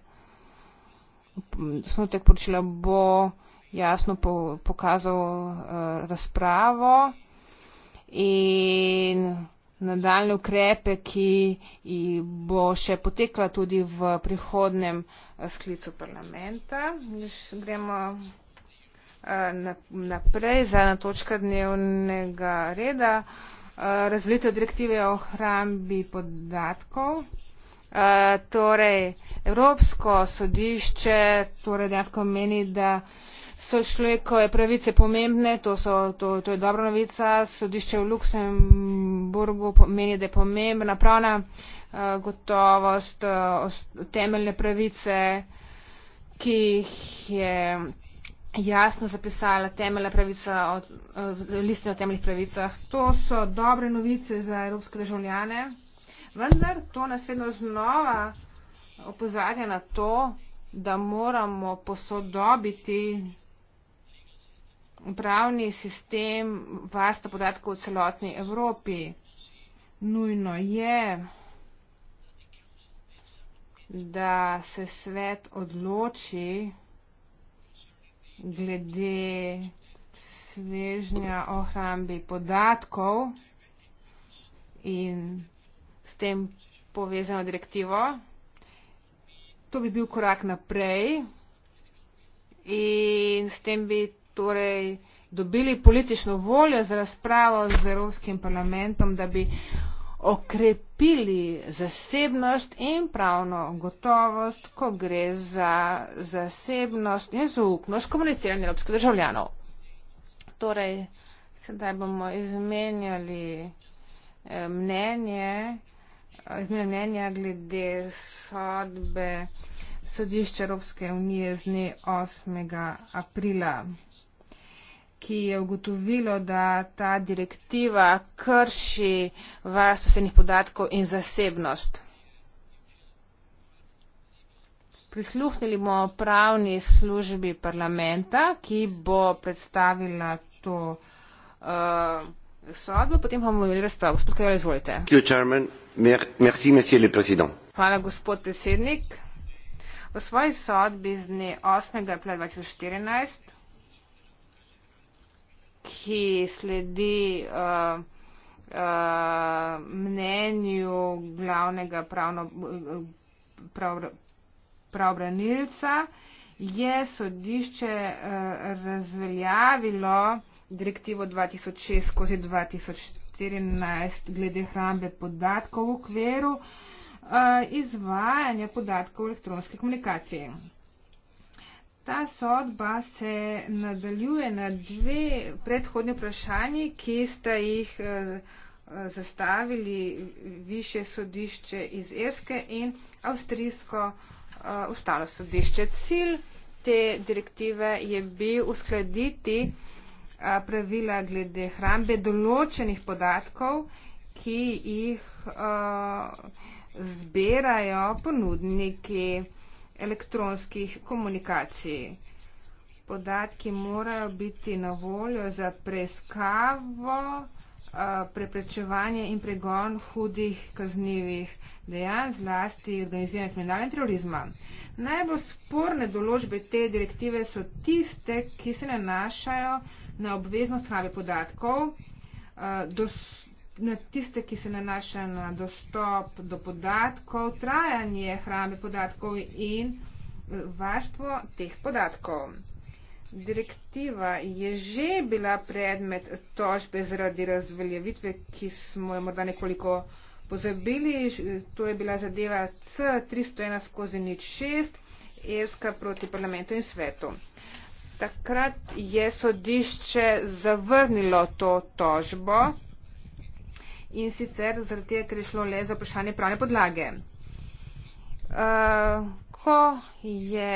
snotek poročila bo jasno po, pokazal uh, razpravo in nadaljne ukrepe, ki bo še potekla tudi v prihodnem eh, sklicu parlamenta. Gremo eh, naprej za na točka dnevnega reda. Razvitev direktive o hrambi podatkov. Eh, torej evropsko sodišče torej dejansko meni da so človekove pravice pomembne to, so, to, to je dobra novica sodišče v Luksemburgu meni da je pomembna pravna eh, gotovost eh, temeljne pravice ki jih je jasno zapisala temeljna pravica listina o temeljnih pravicah to so dobre novice za evropske državljane Vendar to nas vedno znova opozarja na to, da moramo posodobiti upravni sistem varstva podatkov v celotni Evropi. Nujno je, da se svet odloči glede svežnja ohrambi podatkov in s tem povezano direktivo. To bi bil korak naprej in s tem bi torej dobili politično voljo za razpravo z Evropskim parlamentom, da bi okrepili zasebnost in pravno gotovost, ko gre za zasebnost in zaupnost komuniciranja evropskih državljanov. Torej, sedaj bomo izmenjali eh, mnenje izmed mnenja glede sodbe sodišča Evropske unije z dne 8. aprila, ki je ugotovilo, da ta direktiva krši varstvo osebnih podatkov in zasebnost. Prisluhnili bomo pravni službi parlamenta, ki bo predstavila to uh, sodbo, potem pa bomo imeli razpravo. Gospod Kajal, izvolite. Merci, Hvala, gospod predsednik. V svoji sodbi z dne 8. aprila 2014, ki sledi uh, uh, mnenju glavnega pravobranilca, prav, prav je sodišče uh, razveljavilo direktivo 2006/2014 glede hrambe podatkov v okviru uh, izvajanja podatkov elektronske komunikacije. Ta sodba se nadaljuje na dve predhodne vprašanji, ki sta jih uh, zastavili više sodišče iz Erske in avstrijsko uh, ustalo sodišče. Cilj te direktive je bil uskladiti uh, pravila glede hrambe določenih podatkov, ki jih zbirajo ponudniki elektronskih komunikacij. Podatki morajo biti na voljo za preiskavo preprečevanje in pregon hudih kaznjivih dejanj zlasti organiziranja kriminala in terorizma. Najbolj sporne določbe te direktive so tiste, ki se nanašajo na obveznost hrabe podatkov, na tiste, ki se nanašajo na dostop do podatkov, trajanje hrabe podatkov in e, varstvo teh podatkov. Direktiva je že bila predmet tožbe zaradi razveljavitve, ki smo jo morda nekoliko pozabili. To je bila zadeva C301 skozi nič 6, ESK proti parlamentu in svetu. Takrat je sodišče zavrnilo to tožbo in sicer zaradi tega, ker je šlo le za vprašanje pravne podlage. Uh, ko je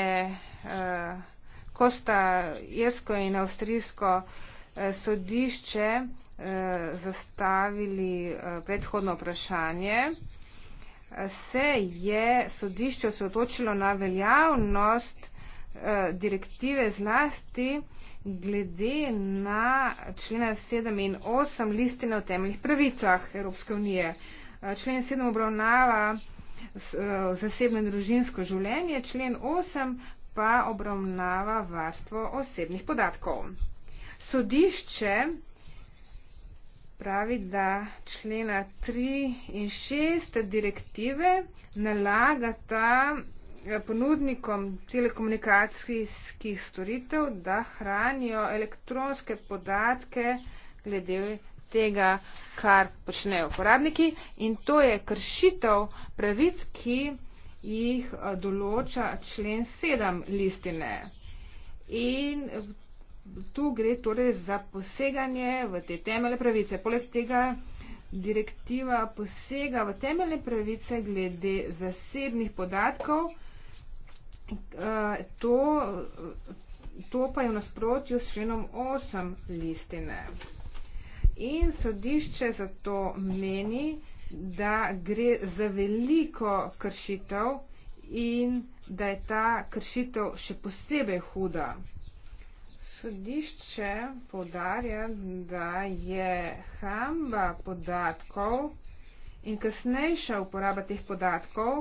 uh, ko sta Jesko in Avstrijsko eh, sodišče eh, zastavili eh, predhodno vprašanje, se je sodišče osredotočilo na veljavnost direktive zlasti glede na člena 7 in 8 listine o temeljnih pravicah Evropske unije. Člen 7 obravnava zasebno in družinsko življenje, člen 8 pa obravnava varstvo osebnih podatkov. Sodišče pravi, da člena 3 in 6 direktive nalagata eh, ponudnikom telekomunikacijskih storitev, da hranijo elektronske podatke glede tega, kar počnejo uporabniki in to je kršitev pravic, ki jih eh, določa člen 7 listine. In tu gre torej za poseganje v te temeljne pravice. Poleg tega direktiva posega v temeljne pravice glede zasebnih podatkov. Eh, to, to pa je v nasprotju s členom 8 listine. In sodišče zato meni, da gre za veliko kršitev in da je ta kršitev še posebej huda. Sodišče povdarja, da je hamba podatkov in kasnejša uporaba teh podatkov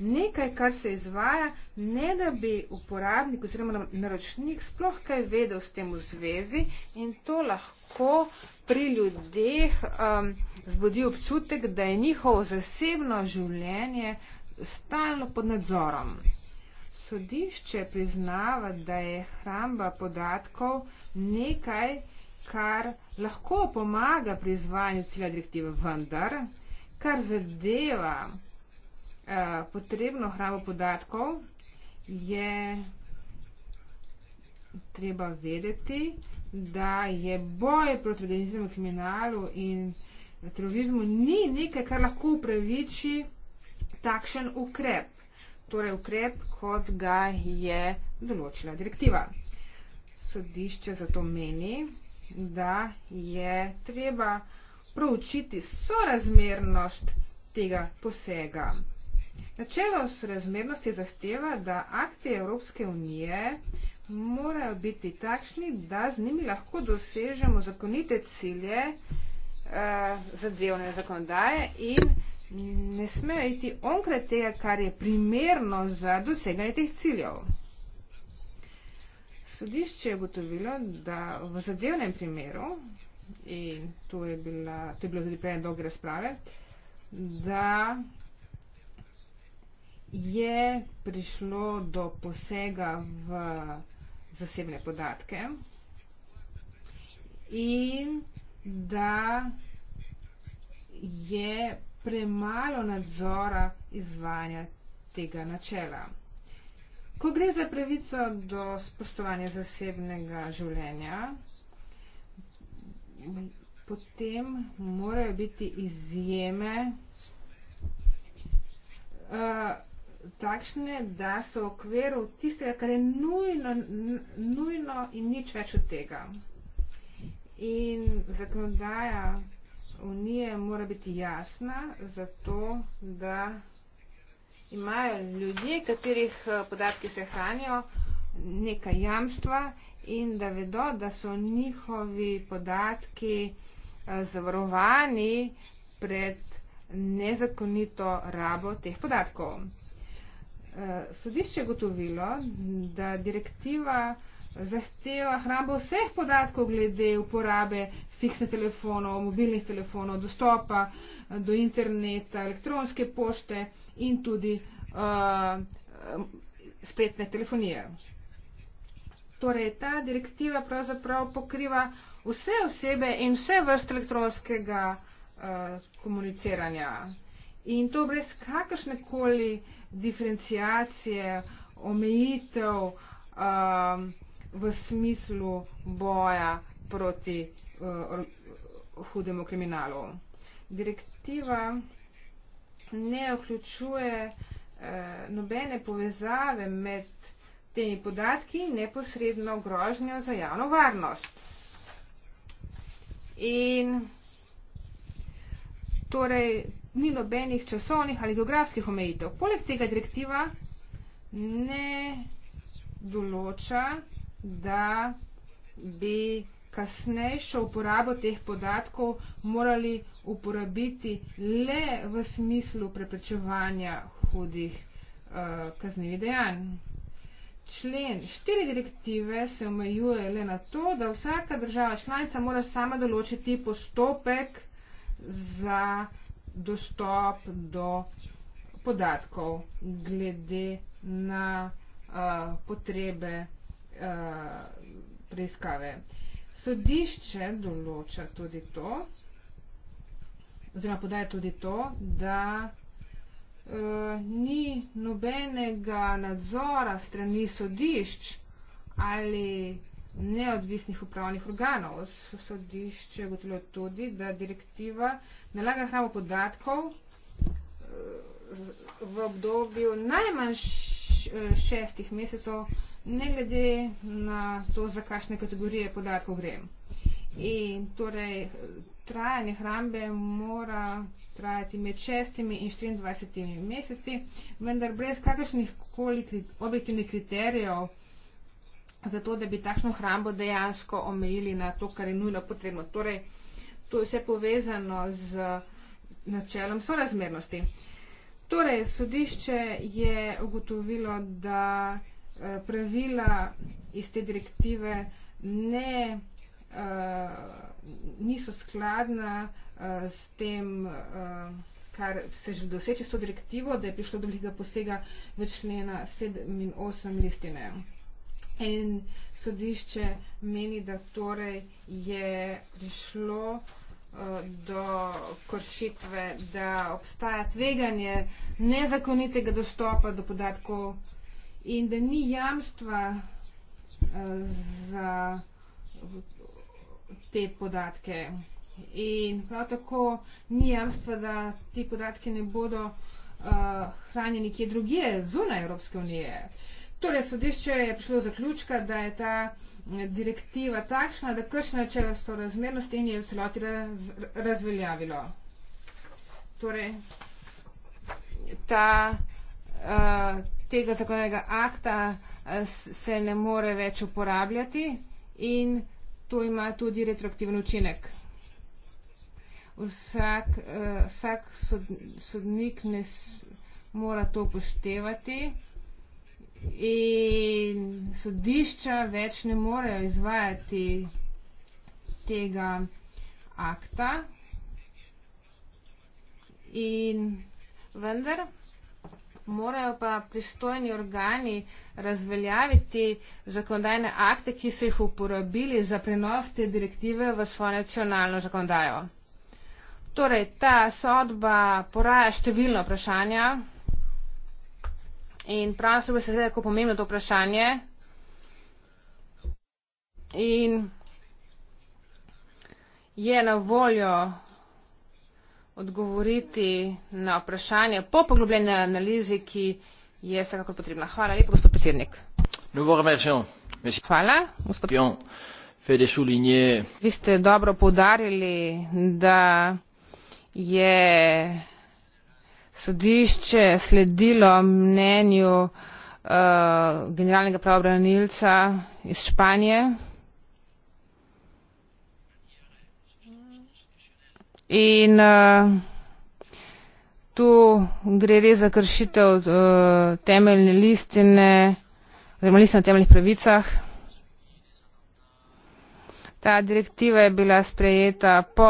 nekaj, kar se izvaja, ne da bi uporabnik oziroma naročnik sploh kaj vedel s tem v zvezi in to lahko pri ljudeh um, zbudi občutek, da je njihovo zasebno življenje stalno pod nadzorom. Sodišče priznava, da je hramba podatkov nekaj, kar lahko pomaga pri izvajanju cilja direktive, vendar kar zadeva Eh, potrebno hrabo podatkov je treba vedeti, da je boj proti organizmu kriminalu in terorizmu ni nekaj, kar lahko upraviči takšen ukrep. Torej ukrep, kot ga je določila direktiva. Sodišče zato meni, da je treba proučiti sorazmernost tega posega. Načelo sorazmernosti zahteva, da akti Evropske unije morajo biti takšni, da z njimi lahko dosežemo zakonite cilje eh, zadevne zakonodaje in ne smejo iti onkraj tega, kar je primerno za doseganje teh ciljev. Sodišče je ugotovilo, da v zadevnem primeru, in to je, bila, to je bilo tudi prej dolge razprave, da je prišlo do posega v zasebne podatke in da je premalo nadzora izvajanja tega načela. Ko gre za pravico do spoštovanja zasebnega življenja, potem morajo biti izjeme uh, takšne, da so v okviru tistega, kar je nujno, nujno in nič več od tega. In zakonodaja unije mora biti jasna za to, da imajo ljudje, katerih eh, podatki se hranijo, neka jamstva in da vedo, da so njihovi podatki eh, zavarovani pred nezakonito rabo teh podatkov. Eh, sodišče gotovilo, da direktiva zahteva hrambo vseh podatkov glede uporabe fiksnih telefonov, mobilnih telefonov, dostopa eh, do interneta, elektronske pošte in tudi uh, spletne telefonije. Torej, ta direktiva pravzaprav pokriva vse osebe in vse vrste elektronskega uh, komuniciranja. In to brez kakršnekoli uh, diferencijacije, omejitev um, v smislu boja proti uh, hudemu kriminalu. Direktiva ne vključuje uh, nobene povezave med temi podatki in neposredno grožnjo za javno varnost. In torej ni nobenih časovnih ali geografskih omejitev. Poleg tega direktiva ne določa, da bi kasnejšo uporabo teh podatkov morali uporabiti le v smislu preprečevanja hudih uh, eh, kaznevih dejanj. Člen štiri direktive se omejuje le na to, da vsaka država članica mora sama določiti postopek za dostop do podatkov glede na uh, potrebe uh, preiskave. Sodišče določa tudi to, oziroma podaja tudi to, da uh, ni nobenega nadzora strani sodišč ali neodvisnih upravnih organov. Sodišče je gotovilo tudi, da direktiva nalaga hrano podatkov eh, v obdobju najmanj eh, šestih mesecev, ne glede na to, za kakšne kategorije podatkov gre. In torej eh, trajanje hrambe mora trajati med 6 in 24 meseci, vendar brez kakršnih koli objektivnih kriterijev zato, da bi takšno hrambo dejansko omejili na to, kar je nujno potrebno. Torej, to je vse povezano z načelom sorazmernosti. Torej, sodišče je ugotovilo, da eh, pravila iz te direktive ne, uh, niso skladna uh, s tem, uh, kar se že doseče s to direktivo, da je prišlo do velikega posega v člena 7 in 8 listine in sodišče meni, da torej je prišlo eh, do kršitve, da obstaja tveganje nezakonitega dostopa do podatkov in da ni jamstva eh, za te podatke. In prav tako ni jamstva, da ti podatki ne bodo uh, hranjeni kje drugje, zunaj Evropske unije. Uh, Torej, sodišče je prišlo zaključka, da je ta mm, direktiva takšna, da kršne načela so razmernosti in je v celoti raz, razveljavilo. Torej, ta, eh, tega zakonnega akta eh, se ne more več uporabljati in to ima tudi retroaktiven učinek. Vsak, eh, vsak sodnik ne mora to upoštevati in sodišča več ne morejo izvajati tega akta. In vendar morajo pa pristojni organi razveljaviti zakonodajne akte, ki so jih uporabili za prenov te direktive v svojo nacionalno zakonodajo. Torej, ta sodba poraja številno vprašanje. In pravno se bo seveda tako pomembno to vprašanje. In je na voljo odgovoriti na vprašanje po poglobljeni analizi, ki je vsekako potrebna. Hvala lepo, gospod predsednik. Hvala, gospod predsednik. Vi ste dobro povdarili, da je sodišče sledilo mnenju uh, generalnega pravobranilca iz Španije. In uh, tu gre res za kršitev uh, temeljne listine, oziroma listine o temeljnih pravicah. Ta direktiva je bila sprejeta po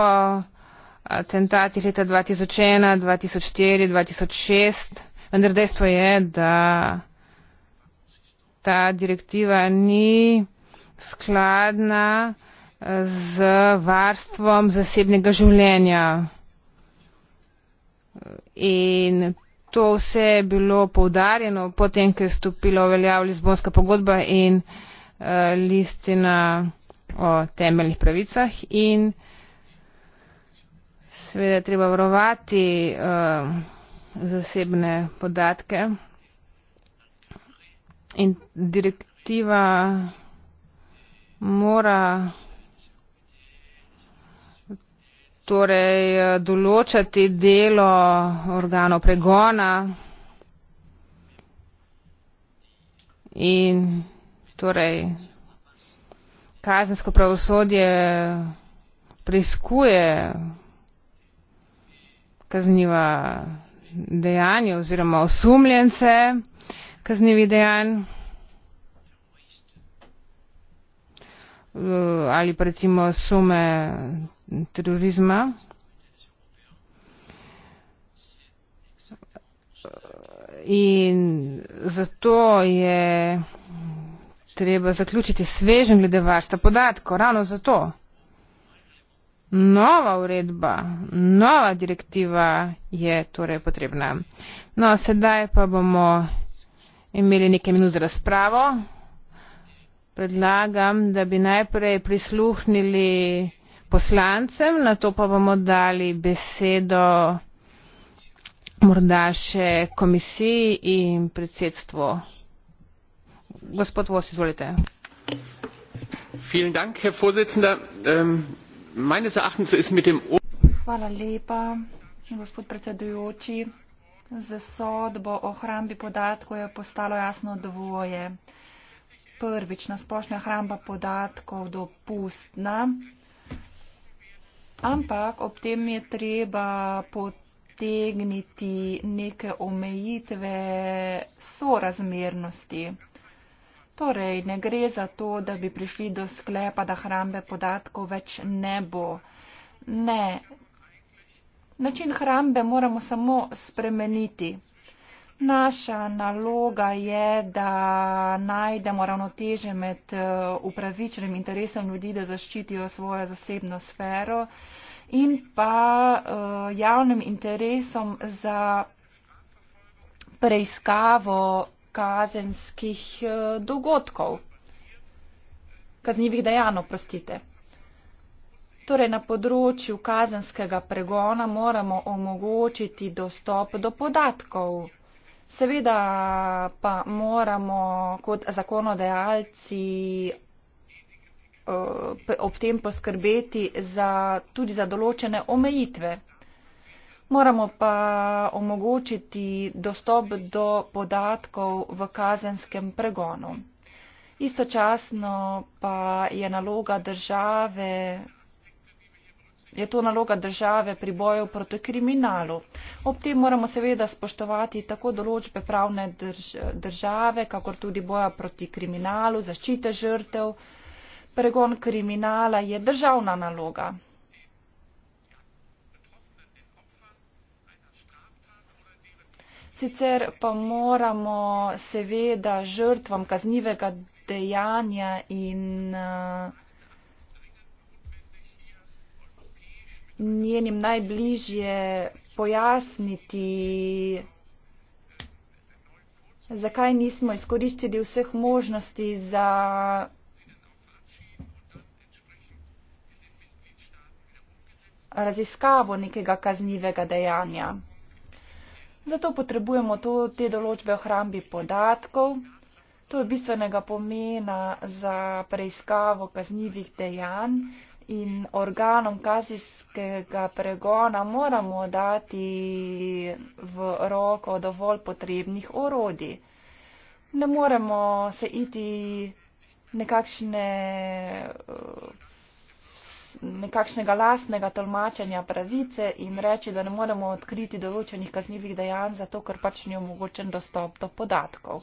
atentati leta 2001, 2004, 2006, vendar dejstvo je, da ta direktiva ni skladna eh, z varstvom zasebnega življenja. In to vse je bilo poudarjeno potem, ko je stopila v veljav Lizbonska pogodba in uh, listina o temeljnih pravicah. In, uh, seveda treba varovati uh, zasebne podatke. In direktiva mora torej eh, določati delo organov pregona in torej kazensko pravosodje preiskuje kazniva dejanja oziroma osumljence kaznivih dejanj. Eh, ali pa recimo sume terorizma. In zato je treba zaključiti svežen glede varstva podatkov, ravno zato nova uredba, nova direktiva je torej potrebna. No, sedaj pa bomo imeli nekaj minut za razpravo. Predlagam, da bi najprej prisluhnili poslancem, na to pa bomo dali besedo morda še komisiji in predsedstvu. Gospod Vos, izvolite. Vielen Dank, Herr Vorsitzender. Ähm, meines erachtens ist mit dem Hvala lepa, gospod predsedujoči. Z sodbo o hrambi podatkov je postalo jasno dvoje. Prvič, nasplošna hramba podatkov dopustna, ampak ob tem je treba potegniti neke omejitve sorazmernosti. Torej, ne gre za to, da bi prišli do sklepa, da hrambe podatkov več ne bo. Ne. Način hrambe moramo samo spremeniti. Naša naloga je, da najdemo ravnoteže med eh, upravičenim interesom ljudi, da zaščitijo svojo zasebno sfero in pa eh, javnim interesom za preiskavo kazenskih eh, dogodkov, kaznjivih dejanj, oprostite. Torej, na področju kazenskega pregona moramo omogočiti dostop do podatkov. Seveda pa moramo kot zakonodajalci eh, ob tem poskrbeti za, tudi za določene omejitve. Moramo pa omogočiti dostop do podatkov v kazenskem pregonu. Istočasno pa je naloga države je to naloga države pri boju proti kriminalu. Ob tem moramo seveda spoštovati tako določbe pravne drž države, kakor tudi boja proti kriminalu, zaščite žrtev. Pregon kriminala je državna naloga. Sicer pa moramo seveda žrtvam kaznivega dejanja in eh, njenim najbližje pojasniti, zakaj nismo izkoristili vseh možnosti za raziskavo nekega kaznivega dejanja. Zato potrebujemo to, te določbe o hrambi podatkov. To je bistvenega pomena za preiskavo kaznjivih dejanj in organom kazijskega pregona moramo dati v roko dovolj potrebnih orodij. Ne moremo se iti nekakšne nekakšnega lastnega tolmačenja pravice in reči, da ne moremo odkriti določenih kaznjivih dejanj, zato ker pač ni omogočen dostop do podatkov.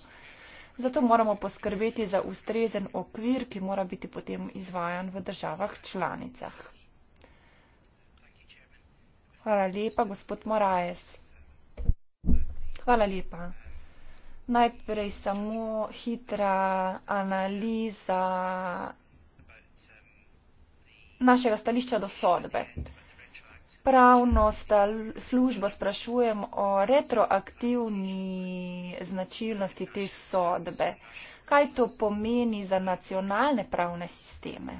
Zato moramo poskrbeti za ustrezen okvir, ki mora biti potem izvajan v državah članicah. Hvala lepa, gospod Moraes. Hvala lepa. Najprej samo hitra analiza našega stališča do sodbe. Pravno stal, službo sprašujem o retroaktivni značilnosti te sodbe. Kaj to pomeni za nacionalne pravne sisteme?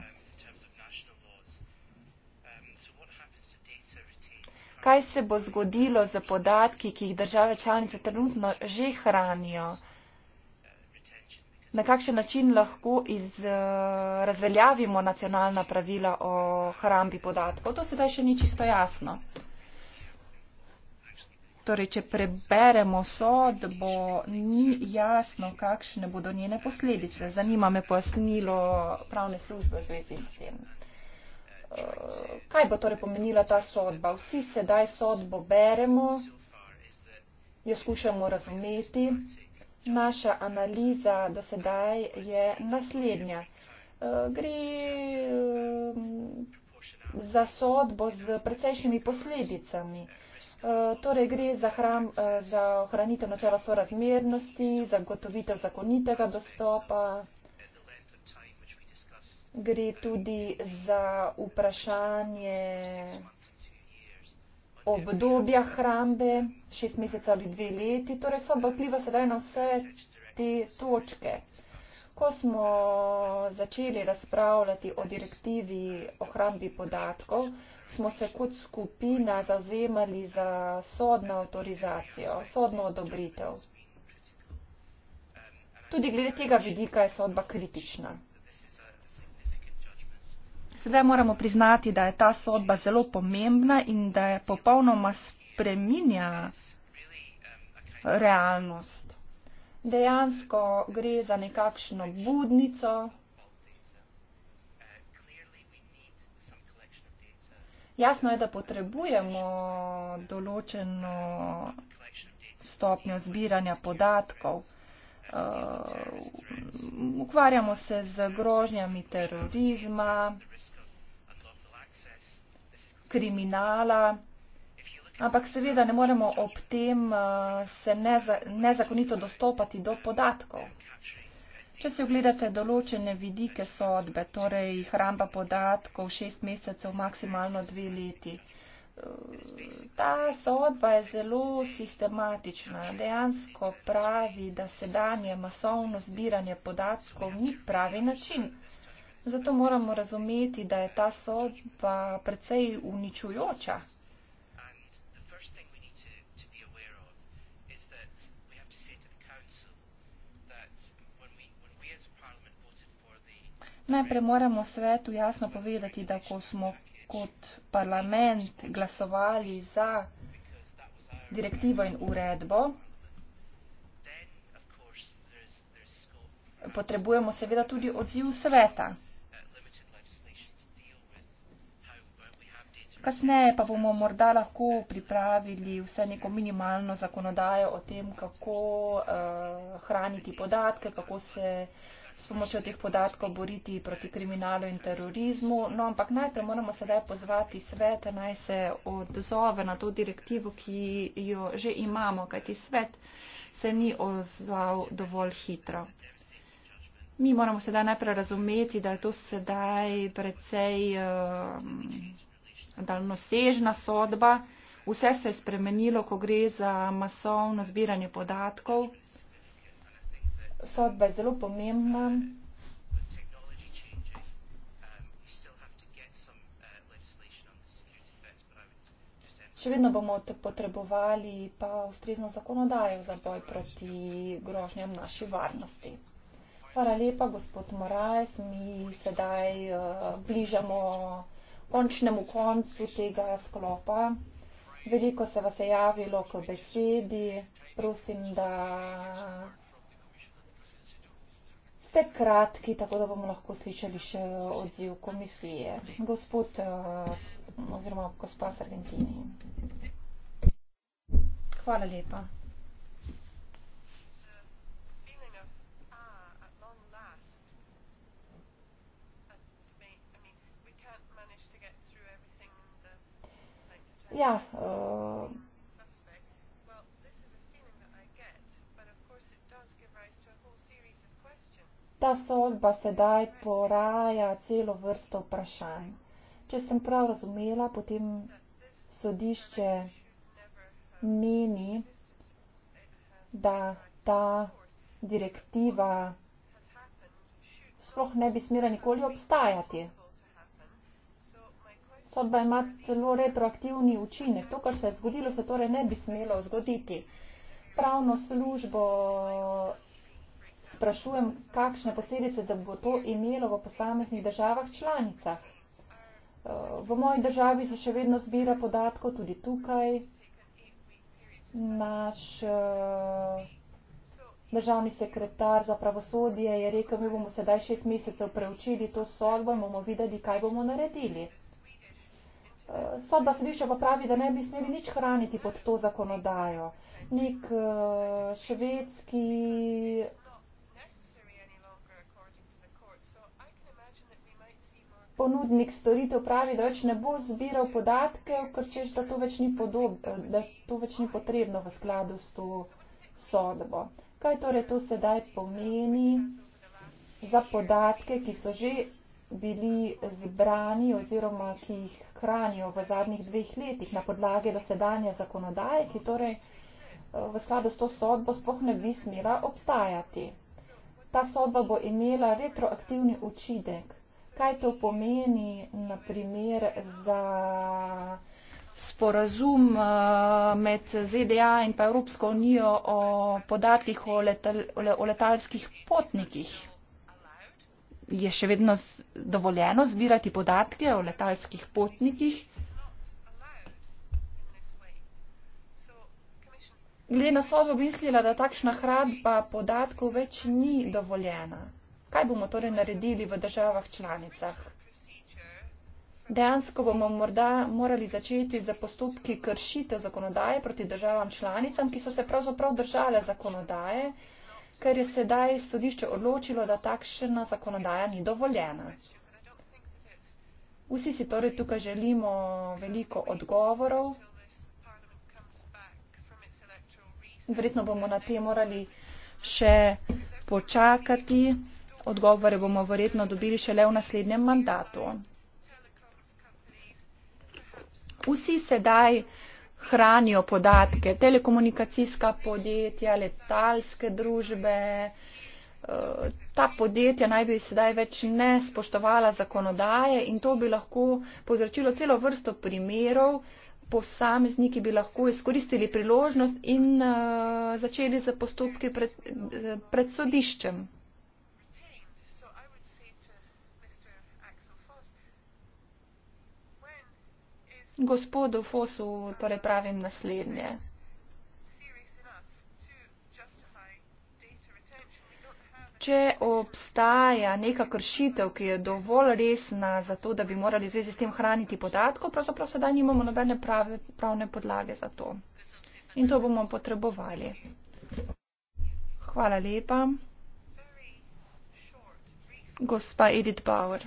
Kaj se bo zgodilo z podatki, ki jih države članice trenutno že hranijo? na kakšen način lahko iz, uh, razveljavimo nacionalna pravila o hrambi podatkov. To sedaj še ni čisto jasno. Torej, če preberemo sod, bo ni jasno, kakšne bodo njene posledice. Zanima me pojasnilo pravne službe v zvezi s tem. Eh, kaj bo torej pomenila ta sodba? Vsi sedaj sodbo beremo, jo skušamo razumeti naša analiza do sedaj je naslednja. Eh, gre eh, za sodbo z precejšnjimi posledicami. Eh, torej gre za, hram, za ohranitev načela sorazmernosti, zagotovitev zakonitega dostopa. Gre tudi za vprašanje obdobja hrambe, šest mesecev ali dve leti, torej sodba vpliva sedaj na vse te točke. Ko smo začeli razpravljati o direktivi o hrambi podatkov, smo se kot skupina zauzemali za sodno avtorizacijo, sodno odobritev. Tudi glede tega vidika je sodba kritična. Sedaj moramo priznati, da je ta sodba zelo pomembna in da je popolnoma spreminja realnost. Dejansko gre za nekakšno budnico. Jasno je, da potrebujemo določeno stopnjo zbiranja podatkov uh, ukvarjamo se z grožnjami terorizma, kriminala, ampak seveda ne moremo ob tem uh, se neza, nezakonito dostopati do podatkov. Če si ogledate določene vidike sodbe, torej hramba podatkov šest mesecev, maksimalno dve leti. Uh, ta sodba je zelo sistematična. Dejansko pravi, da sedanje masovno zbiranje podatkov ni pravi način. Zato moramo razumeti, da je ta sodba precej uničujoča. Najprej moramo svetu jasno povedati, da ko smo kot parlament glasovali za direktivo in uredbo, potrebujemo seveda tudi odziv sveta. Kasneje pa bomo morda lahko pripravili vse neko minimalno zakonodajo o tem, kako uh, hraniti podatke, kako se uh, s pomočjo teh podatkov boriti proti kriminalu in terorizmu. No, ampak najprej moramo sedaj pozvati svet, naj se odzove na to direktivo, ki jo že imamo, kajti svet se ni ozval dovolj hitro. Mi moramo sedaj najprej razumeti, da je to sedaj precej uh, daljnosežna sodba. Vse se je spremenilo, ko gre za masovno zbiranje podatkov sodba je zelo pomembna. Še vedno bomo potrebovali pa ustrezno zakonodajo za boj proti grožnjam naši varnosti. Hvala lepa, gospod Moraes. Mi sedaj uh, bližamo končnemu koncu tega sklopa. Veliko se vas je javilo k besedi. Prosim, da ste kratki, tako da bomo lahko slišali še odziv komisije. Gospod eh, oziroma gospa z Argentini. Hvala lepa. Ja, uh, Ta sodba sedaj poraja celo vrsto vprašanj. Če sem prav razumela, potem sodišče meni, da ta direktiva sploh ne bi smela nikoli obstajati. Sodba ima celo retroaktivni učinek. To, kar se je zgodilo, se torej ne bi smelo zgoditi. Pravno službo sprašujem, kakšne posledice da bo to imelo v posameznih državah članicah. Eh, v moji državi se še vedno zbira podatkov, tudi tukaj. Naš eh, državni sekretar za pravosodje je rekel, mi bomo sedaj šest mesecev preučili to sodbo in bomo videli, kaj bomo naredili. Eh, sodba sodišča pa pravi, da ne bi smeli nič hraniti pod to zakonodajo. Nek švedski ponudnik storitev pravi, da več ne bo zbiral podatkov, ker češ, da to več ni, podob, to več ni potrebno v skladu s to sodbo. Kaj torej to sedaj pomeni za podatke, ki so že bili zbrani oziroma ki jih hranijo v zadnjih dveh letih na podlagi dosedanja zakonodaje, ki torej eh, v skladu s to sodbo sploh ne bi smela obstajati. Ta sodba bo imela retroaktivni učinek kaj to pomeni naprimer za sporazum eh, med ZDA in pa Evropsko unijo o podatkih o, letal, o letalskih potnikih. Je še vedno dovoljeno zbirati podatke o letalskih potnikih? Glede na sodbo mislila, da takšna hradba podatkov več ni dovoljena. Kaj bomo torej naredili v državah članicah? Dejansko bomo morda morali začeti za postopki kršitev zakonodaje proti državam članicam, ki so se pravzaprav držale zakonodaje, ker je sedaj sodišče odločilo, da takšna zakonodaja ni dovoljena. Vsi si torej tukaj želimo veliko odgovorov. Verjetno bomo na te morali še počakati odgovore bomo verjetno dobili šele v naslednjem mandatu. Vsi sedaj hranijo podatke, telekomunikacijska podjetja, letalske družbe. Eh, ta podjetja naj bi sedaj več ne spoštovala zakonodaje in to bi lahko povzročilo celo vrsto primerov. Posamezniki bi lahko izkoristili priložnost in eh, začeli z postopki pred, pred sodiščem. gospodu Fosu torej pravim naslednje. Če obstaja neka kršitev, ki je dovolj resna za to, da bi morali v zvezi s tem hraniti podatko, pravzaprav sedaj nimamo nobene prave, pravne podlage za to. In to bomo potrebovali. Hvala lepa. Gospa Edith Bauer.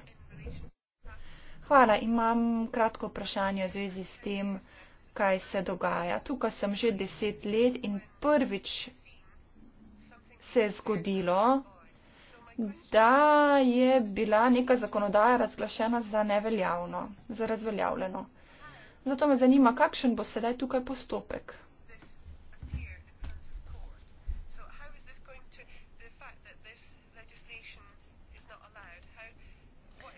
Hvala, imam kratko vprašanje v zvezi s tem, kaj se dogaja. Tukaj sem že deset let in prvič se je zgodilo, da je bila neka zakonodaja razglašena za neveljavno, za razveljavljeno. Zato me zanima, kakšen bo sedaj tukaj postopek.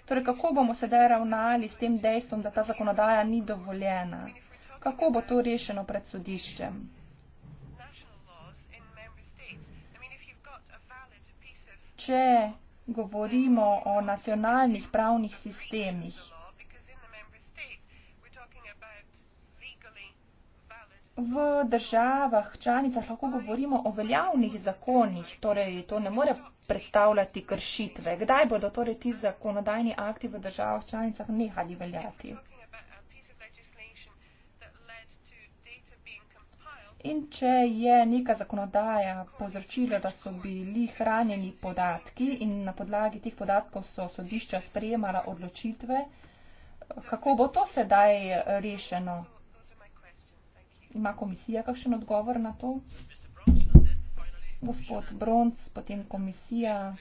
Torej, kako bomo sedaj ravnali s tem dejstvom, da ta zakonodaja ni dovoljena? Kako bo to rešeno pred sodiščem? Če govorimo o nacionalnih pravnih sistemih, v državah članicah lahko govorimo o veljavnih zakonih, torej to ne more predstavljati kršitve. Kdaj bodo torej ti zakonodajni akti v državah članicah nehali veljati? In če je neka zakonodaja povzročila, da so bili hranjeni podatki in na podlagi teh podatkov so sodišča sprejemala odločitve, kako bo to sedaj rešeno? Ima komisija kakšen odgovor na to? Gospod Bronc, potem komisija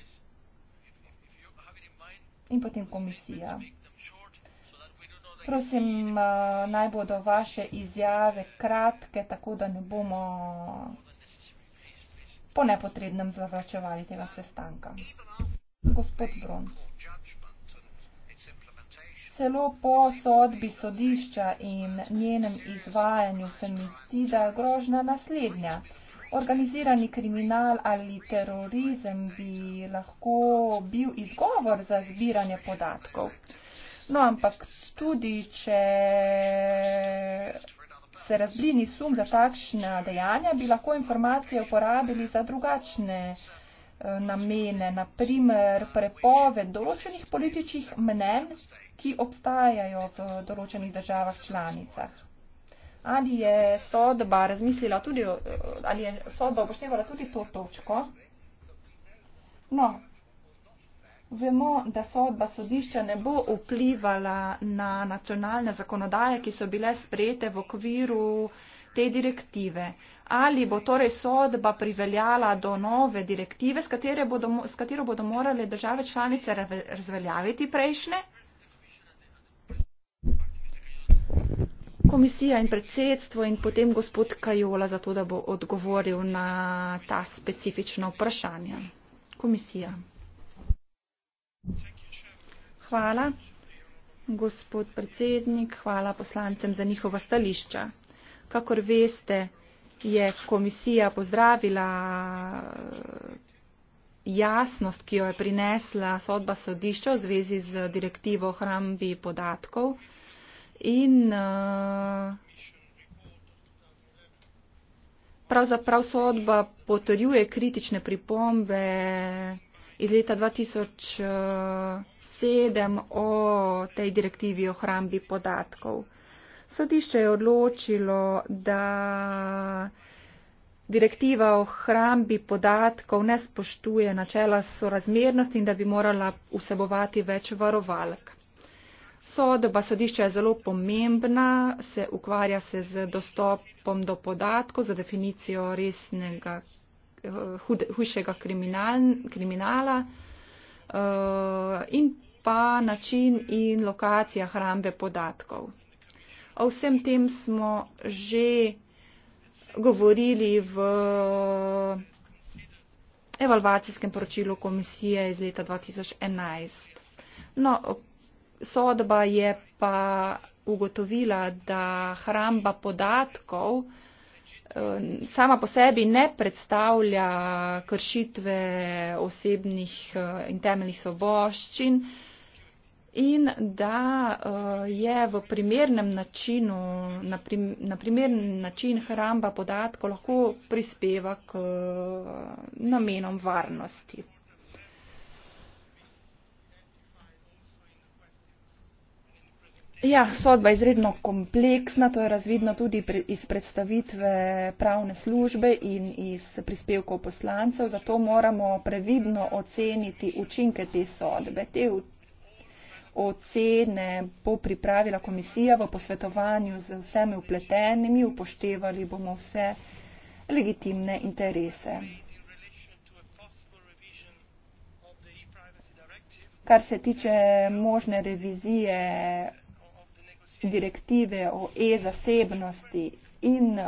in potem komisija. Prosim, eh, naj bodo vaše izjave kratke, tako da ne bomo po nepotrebnem zavračevali tega sestanka. Gospod Bronc. Celo po sodbi sodišča in njenem izvajanju se mi zdi, da je grožna naslednja. Organizirani kriminal ali terorizem bi lahko bil izgovor za zbiranje podatkov. No, ampak tudi, če se razblini sum za takšna dejanja, bi lahko informacije uporabili za drugačne namene, naprimer prepoved določenih političnih mnen, ki obstajajo v določenih državah članicah. Ali je sodba razmislila tudi, ali je sodba upoštevala tudi to točko? No, vemo, da sodba sodišča ne bo vplivala na nacionalne zakonodaje, ki so bile sprejete v okviru uh, te direktive. Ali bo torej sodba priveljala do nove direktive, s, bodo, s katero bodo morale države članice razveljaviti prejšnje? Komisija in predsedstvo in potem gospod Kajola za to, da bo odgovoril na ta specifična vprašanja. Komisija. Hvala, gospod predsednik, hvala poslancem za njihova stališča. Kakor veste, je komisija pozdravila eh, jasnost, ki jo je prinesla sodba sodišča v zvezi z direktivo hrambi podatkov in eh, pravzaprav sodba potrjuje kritične pripombe iz leta 2007 eh, o tej direktivi o hrambi podatkov. Sodišče je odločilo, da direktiva o hrambi podatkov ne spoštuje načela sorazmernosti in da bi morala vsebovati več varovalk. Sodba sodišča je zelo pomembna, se ukvarja se z dostopom do podatkov, z definicijo resnega, eh, hujšega kriminal, kriminala eh, in pa način in lokacija hrambe podatkov. O vsem tem smo že govorili v evalvacijskem poročilu komisije iz leta 2011. No, sodba je pa ugotovila, da hramba podatkov eh, sama po sebi ne predstavlja kršitve osebnih eh, in temeljnih svoboščin, in da eh, je v primernem načinu, na primern način hramba podatkov lahko prispeva k eh, namenom varnosti. Ja, sodba je izredno kompleksna, to je razvidno tudi iz predstavitve pravne službe in iz prispevkov poslancev, zato moramo previdno oceniti učinke te sodbe. Te učinke ocene bo pripravila komisija v posvetovanju z vsemi upletenimi, upoštevali bomo vse legitimne interese. Kar se tiče možne revizije direktive o e-zasebnosti in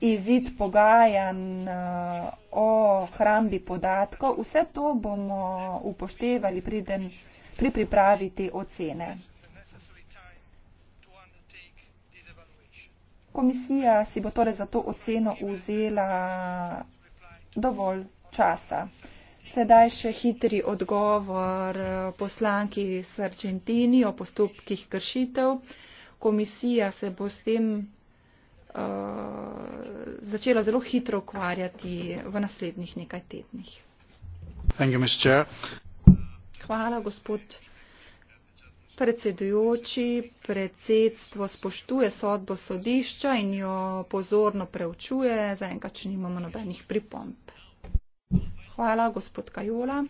izid pogajanj eh, o hrambi podatkov. Vse to bomo upoštevali priden, pri pripravi te ocene. Komisija si bo torej za to oceno vzela dovolj časa. Sedaj še hitri odgovor eh, poslanki Sargentini o postopkih kršitev. Komisija se bo s tem Eh, začela zelo hitro ukvarjati v naslednjih nekaj tednih. You, Hvala, gospod predsedujoči. Predsedstvo spoštuje sodbo sodišča in jo pozorno preučuje. Zaenkrat, če nimamo nobenih pripomp. Hvala, gospod Kajola.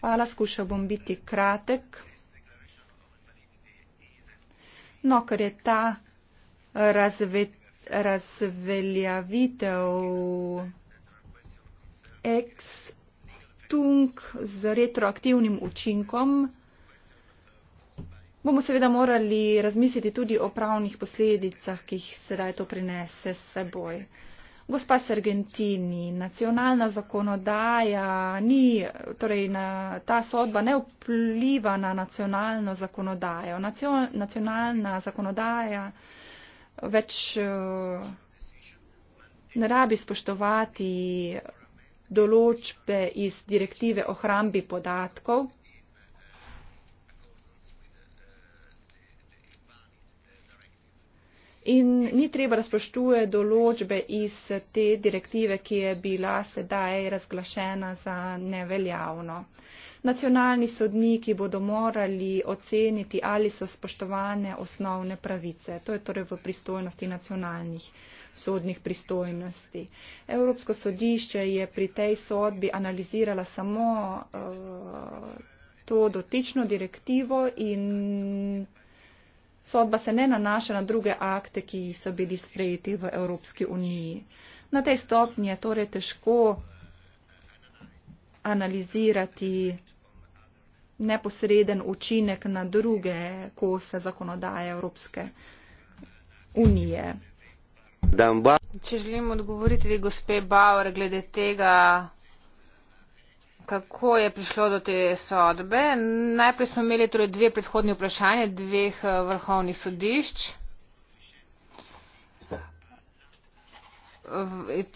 Hvala, skušal bom biti kratek. No, ker je ta razveljavitev ex-tung z retroaktivnim učinkom. Bomo seveda morali razmisliti tudi o pravnih posledicah, ki jih sedaj to prinese s seboj. Gospa Sergentini, nacionalna zakonodaja ni, torej na, ta sodba ne vpliva na nacionalno zakonodajo. Nacio, nacionalna zakonodaja več eh, ne rabi spoštovati določbe iz direktive o hrambi podatkov. In ni treba, da spoštuje določbe iz te direktive, ki je bila sedaj razglašena za neveljavno nacionalni sodniki bodo morali oceniti, ali so spoštovane osnovne pravice. To je torej v pristojnosti nacionalnih sodnih pristojnosti. Evropsko sodišče je pri tej sodbi analizirala samo uh, to dotično direktivo in sodba se ne nanaša na druge akte, ki so bili sprejeti v Evropski uniji. Na tej stopnji je torej težko analizirati neposreden učinek na druge kose zakonodaje Evropske unije. Če želim odgovoriti vi, gospe Bauer, glede tega, kako je prišlo do te sodbe. Najprej smo imeli torej dve predhodni vprašanje dveh eh, vrhovnih sodišč.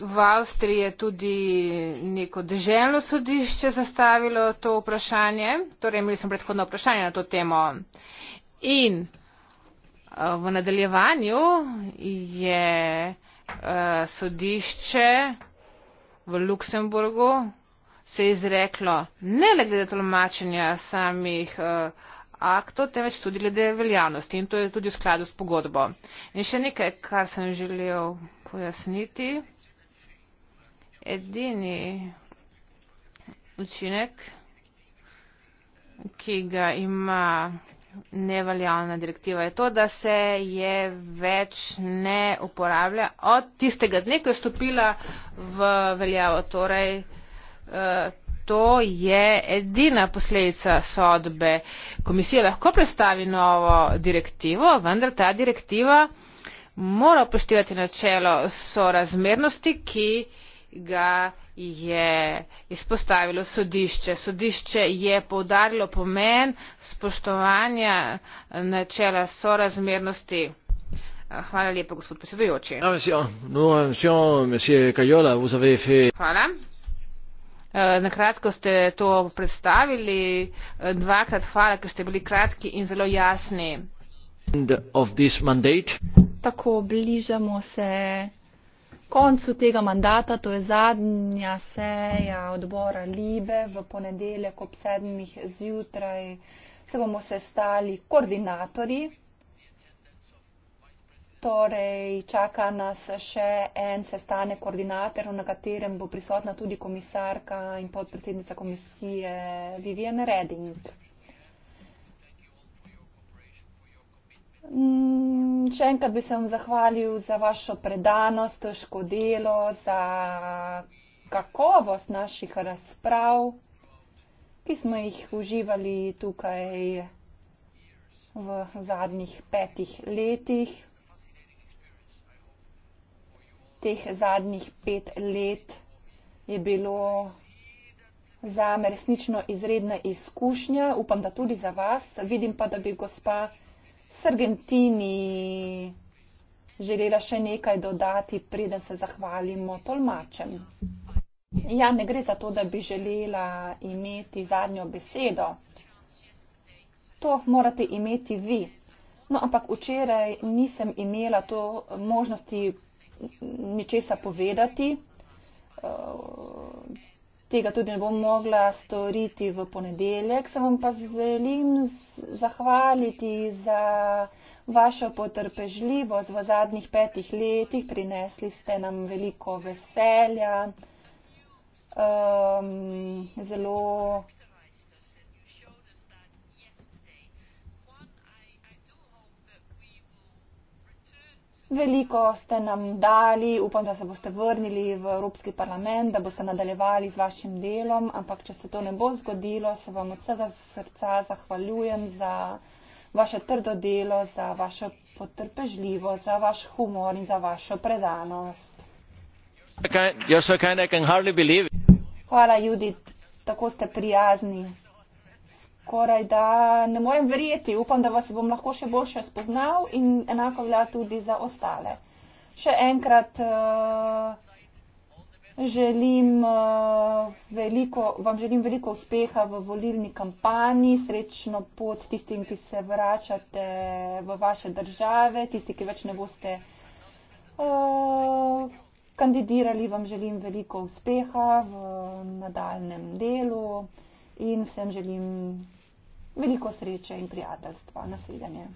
v Avstriji je tudi neko državno sodišče zastavilo to vprašanje, torej imeli smo predhodno vprašanje na to temo. In eh, v nadaljevanju je eh, sodišče v Luksemburgu se je izreklo ne le glede tolmačenja samih eh, aktov, temveč tudi glede veljavnosti in to je tudi v skladu s pogodbo. In še nekaj, kar sem želel pojasniti. Edini učinek, ki ga ima nevaljavna direktiva, je to, da se je več ne uporablja od tistega dne, ko je stopila v veljavo. Torej, eh, to je edina posledica sodbe. Komisija lahko predstavi novo direktivo, vendar ta direktiva mora upoštevati načelo sorazmernosti, ki ga je izpostavilo sodišče. Sodišče je povdarilo pomen spoštovanja načela sorazmernosti. Hvala lepa, gospod predsedujoči. Ah, euh, hvala. Eh, na kratko ste to predstavili. Eh, dvakrat hvala, ker ste bili kratki in zelo jasni tako bližamo se koncu tega mandata, to je zadnja seja odbora Libe v ponedeljek ob sedmih zjutraj. Se bomo sestali koordinatorji. Torej, čaka nas še en sestanek koordinatorjev, na katerem bo prisotna tudi komisarka in podpredsednica komisije Vivian Redding. Mm, še enkrat bi se vam zahvalil za vašo predanost, težko delo, za kakovost naših razprav, ki smo jih uživali tukaj v zadnjih petih letih. Teh zadnjih pet let je bilo zame resnično izredna izkušnja, upam, da tudi za vas. Vidim pa, da bi gospa s Argentini želela še nekaj dodati, preden se zahvalimo tolmačem. Ja, ne gre za to, da bi želela imeti zadnjo besedo. To morate imeti vi. No, ampak včeraj nisem imela to možnosti ničesa povedati tega tudi ne bom mogla storiti v ponedeljek. Se vam pa želim zahvaliti za vašo potrpežljivost v zadnjih petih letih. Prinesli ste nam veliko veselja. Um, zelo Veliko ste nam dali, upam, da se boste vrnili v Evropski parlament, da boste nadaljevali z vašim delom, ampak če se to ne bo zgodilo, se vam od vsega srca zahvaljujem za vaše trdo delo, za vašo potrpežljivo, za vaš humor in za vašo predanost. Hvala, Judith, tako ste prijazni skoraj da ne morem verjeti. Upam, da vas bom lahko še boljše spoznal in enako velja tudi za ostale. Še enkrat uh, želim, uh, veliko, vam želim veliko uspeha v volilni kampanji, srečno pot tistim, ki se vračate v vaše države, tisti, ki več ne boste. Uh, Kandidirali vam želim veliko uspeha v nadaljem delu in vsem želim veliko sreče in prijateljstva. Nasvidenje.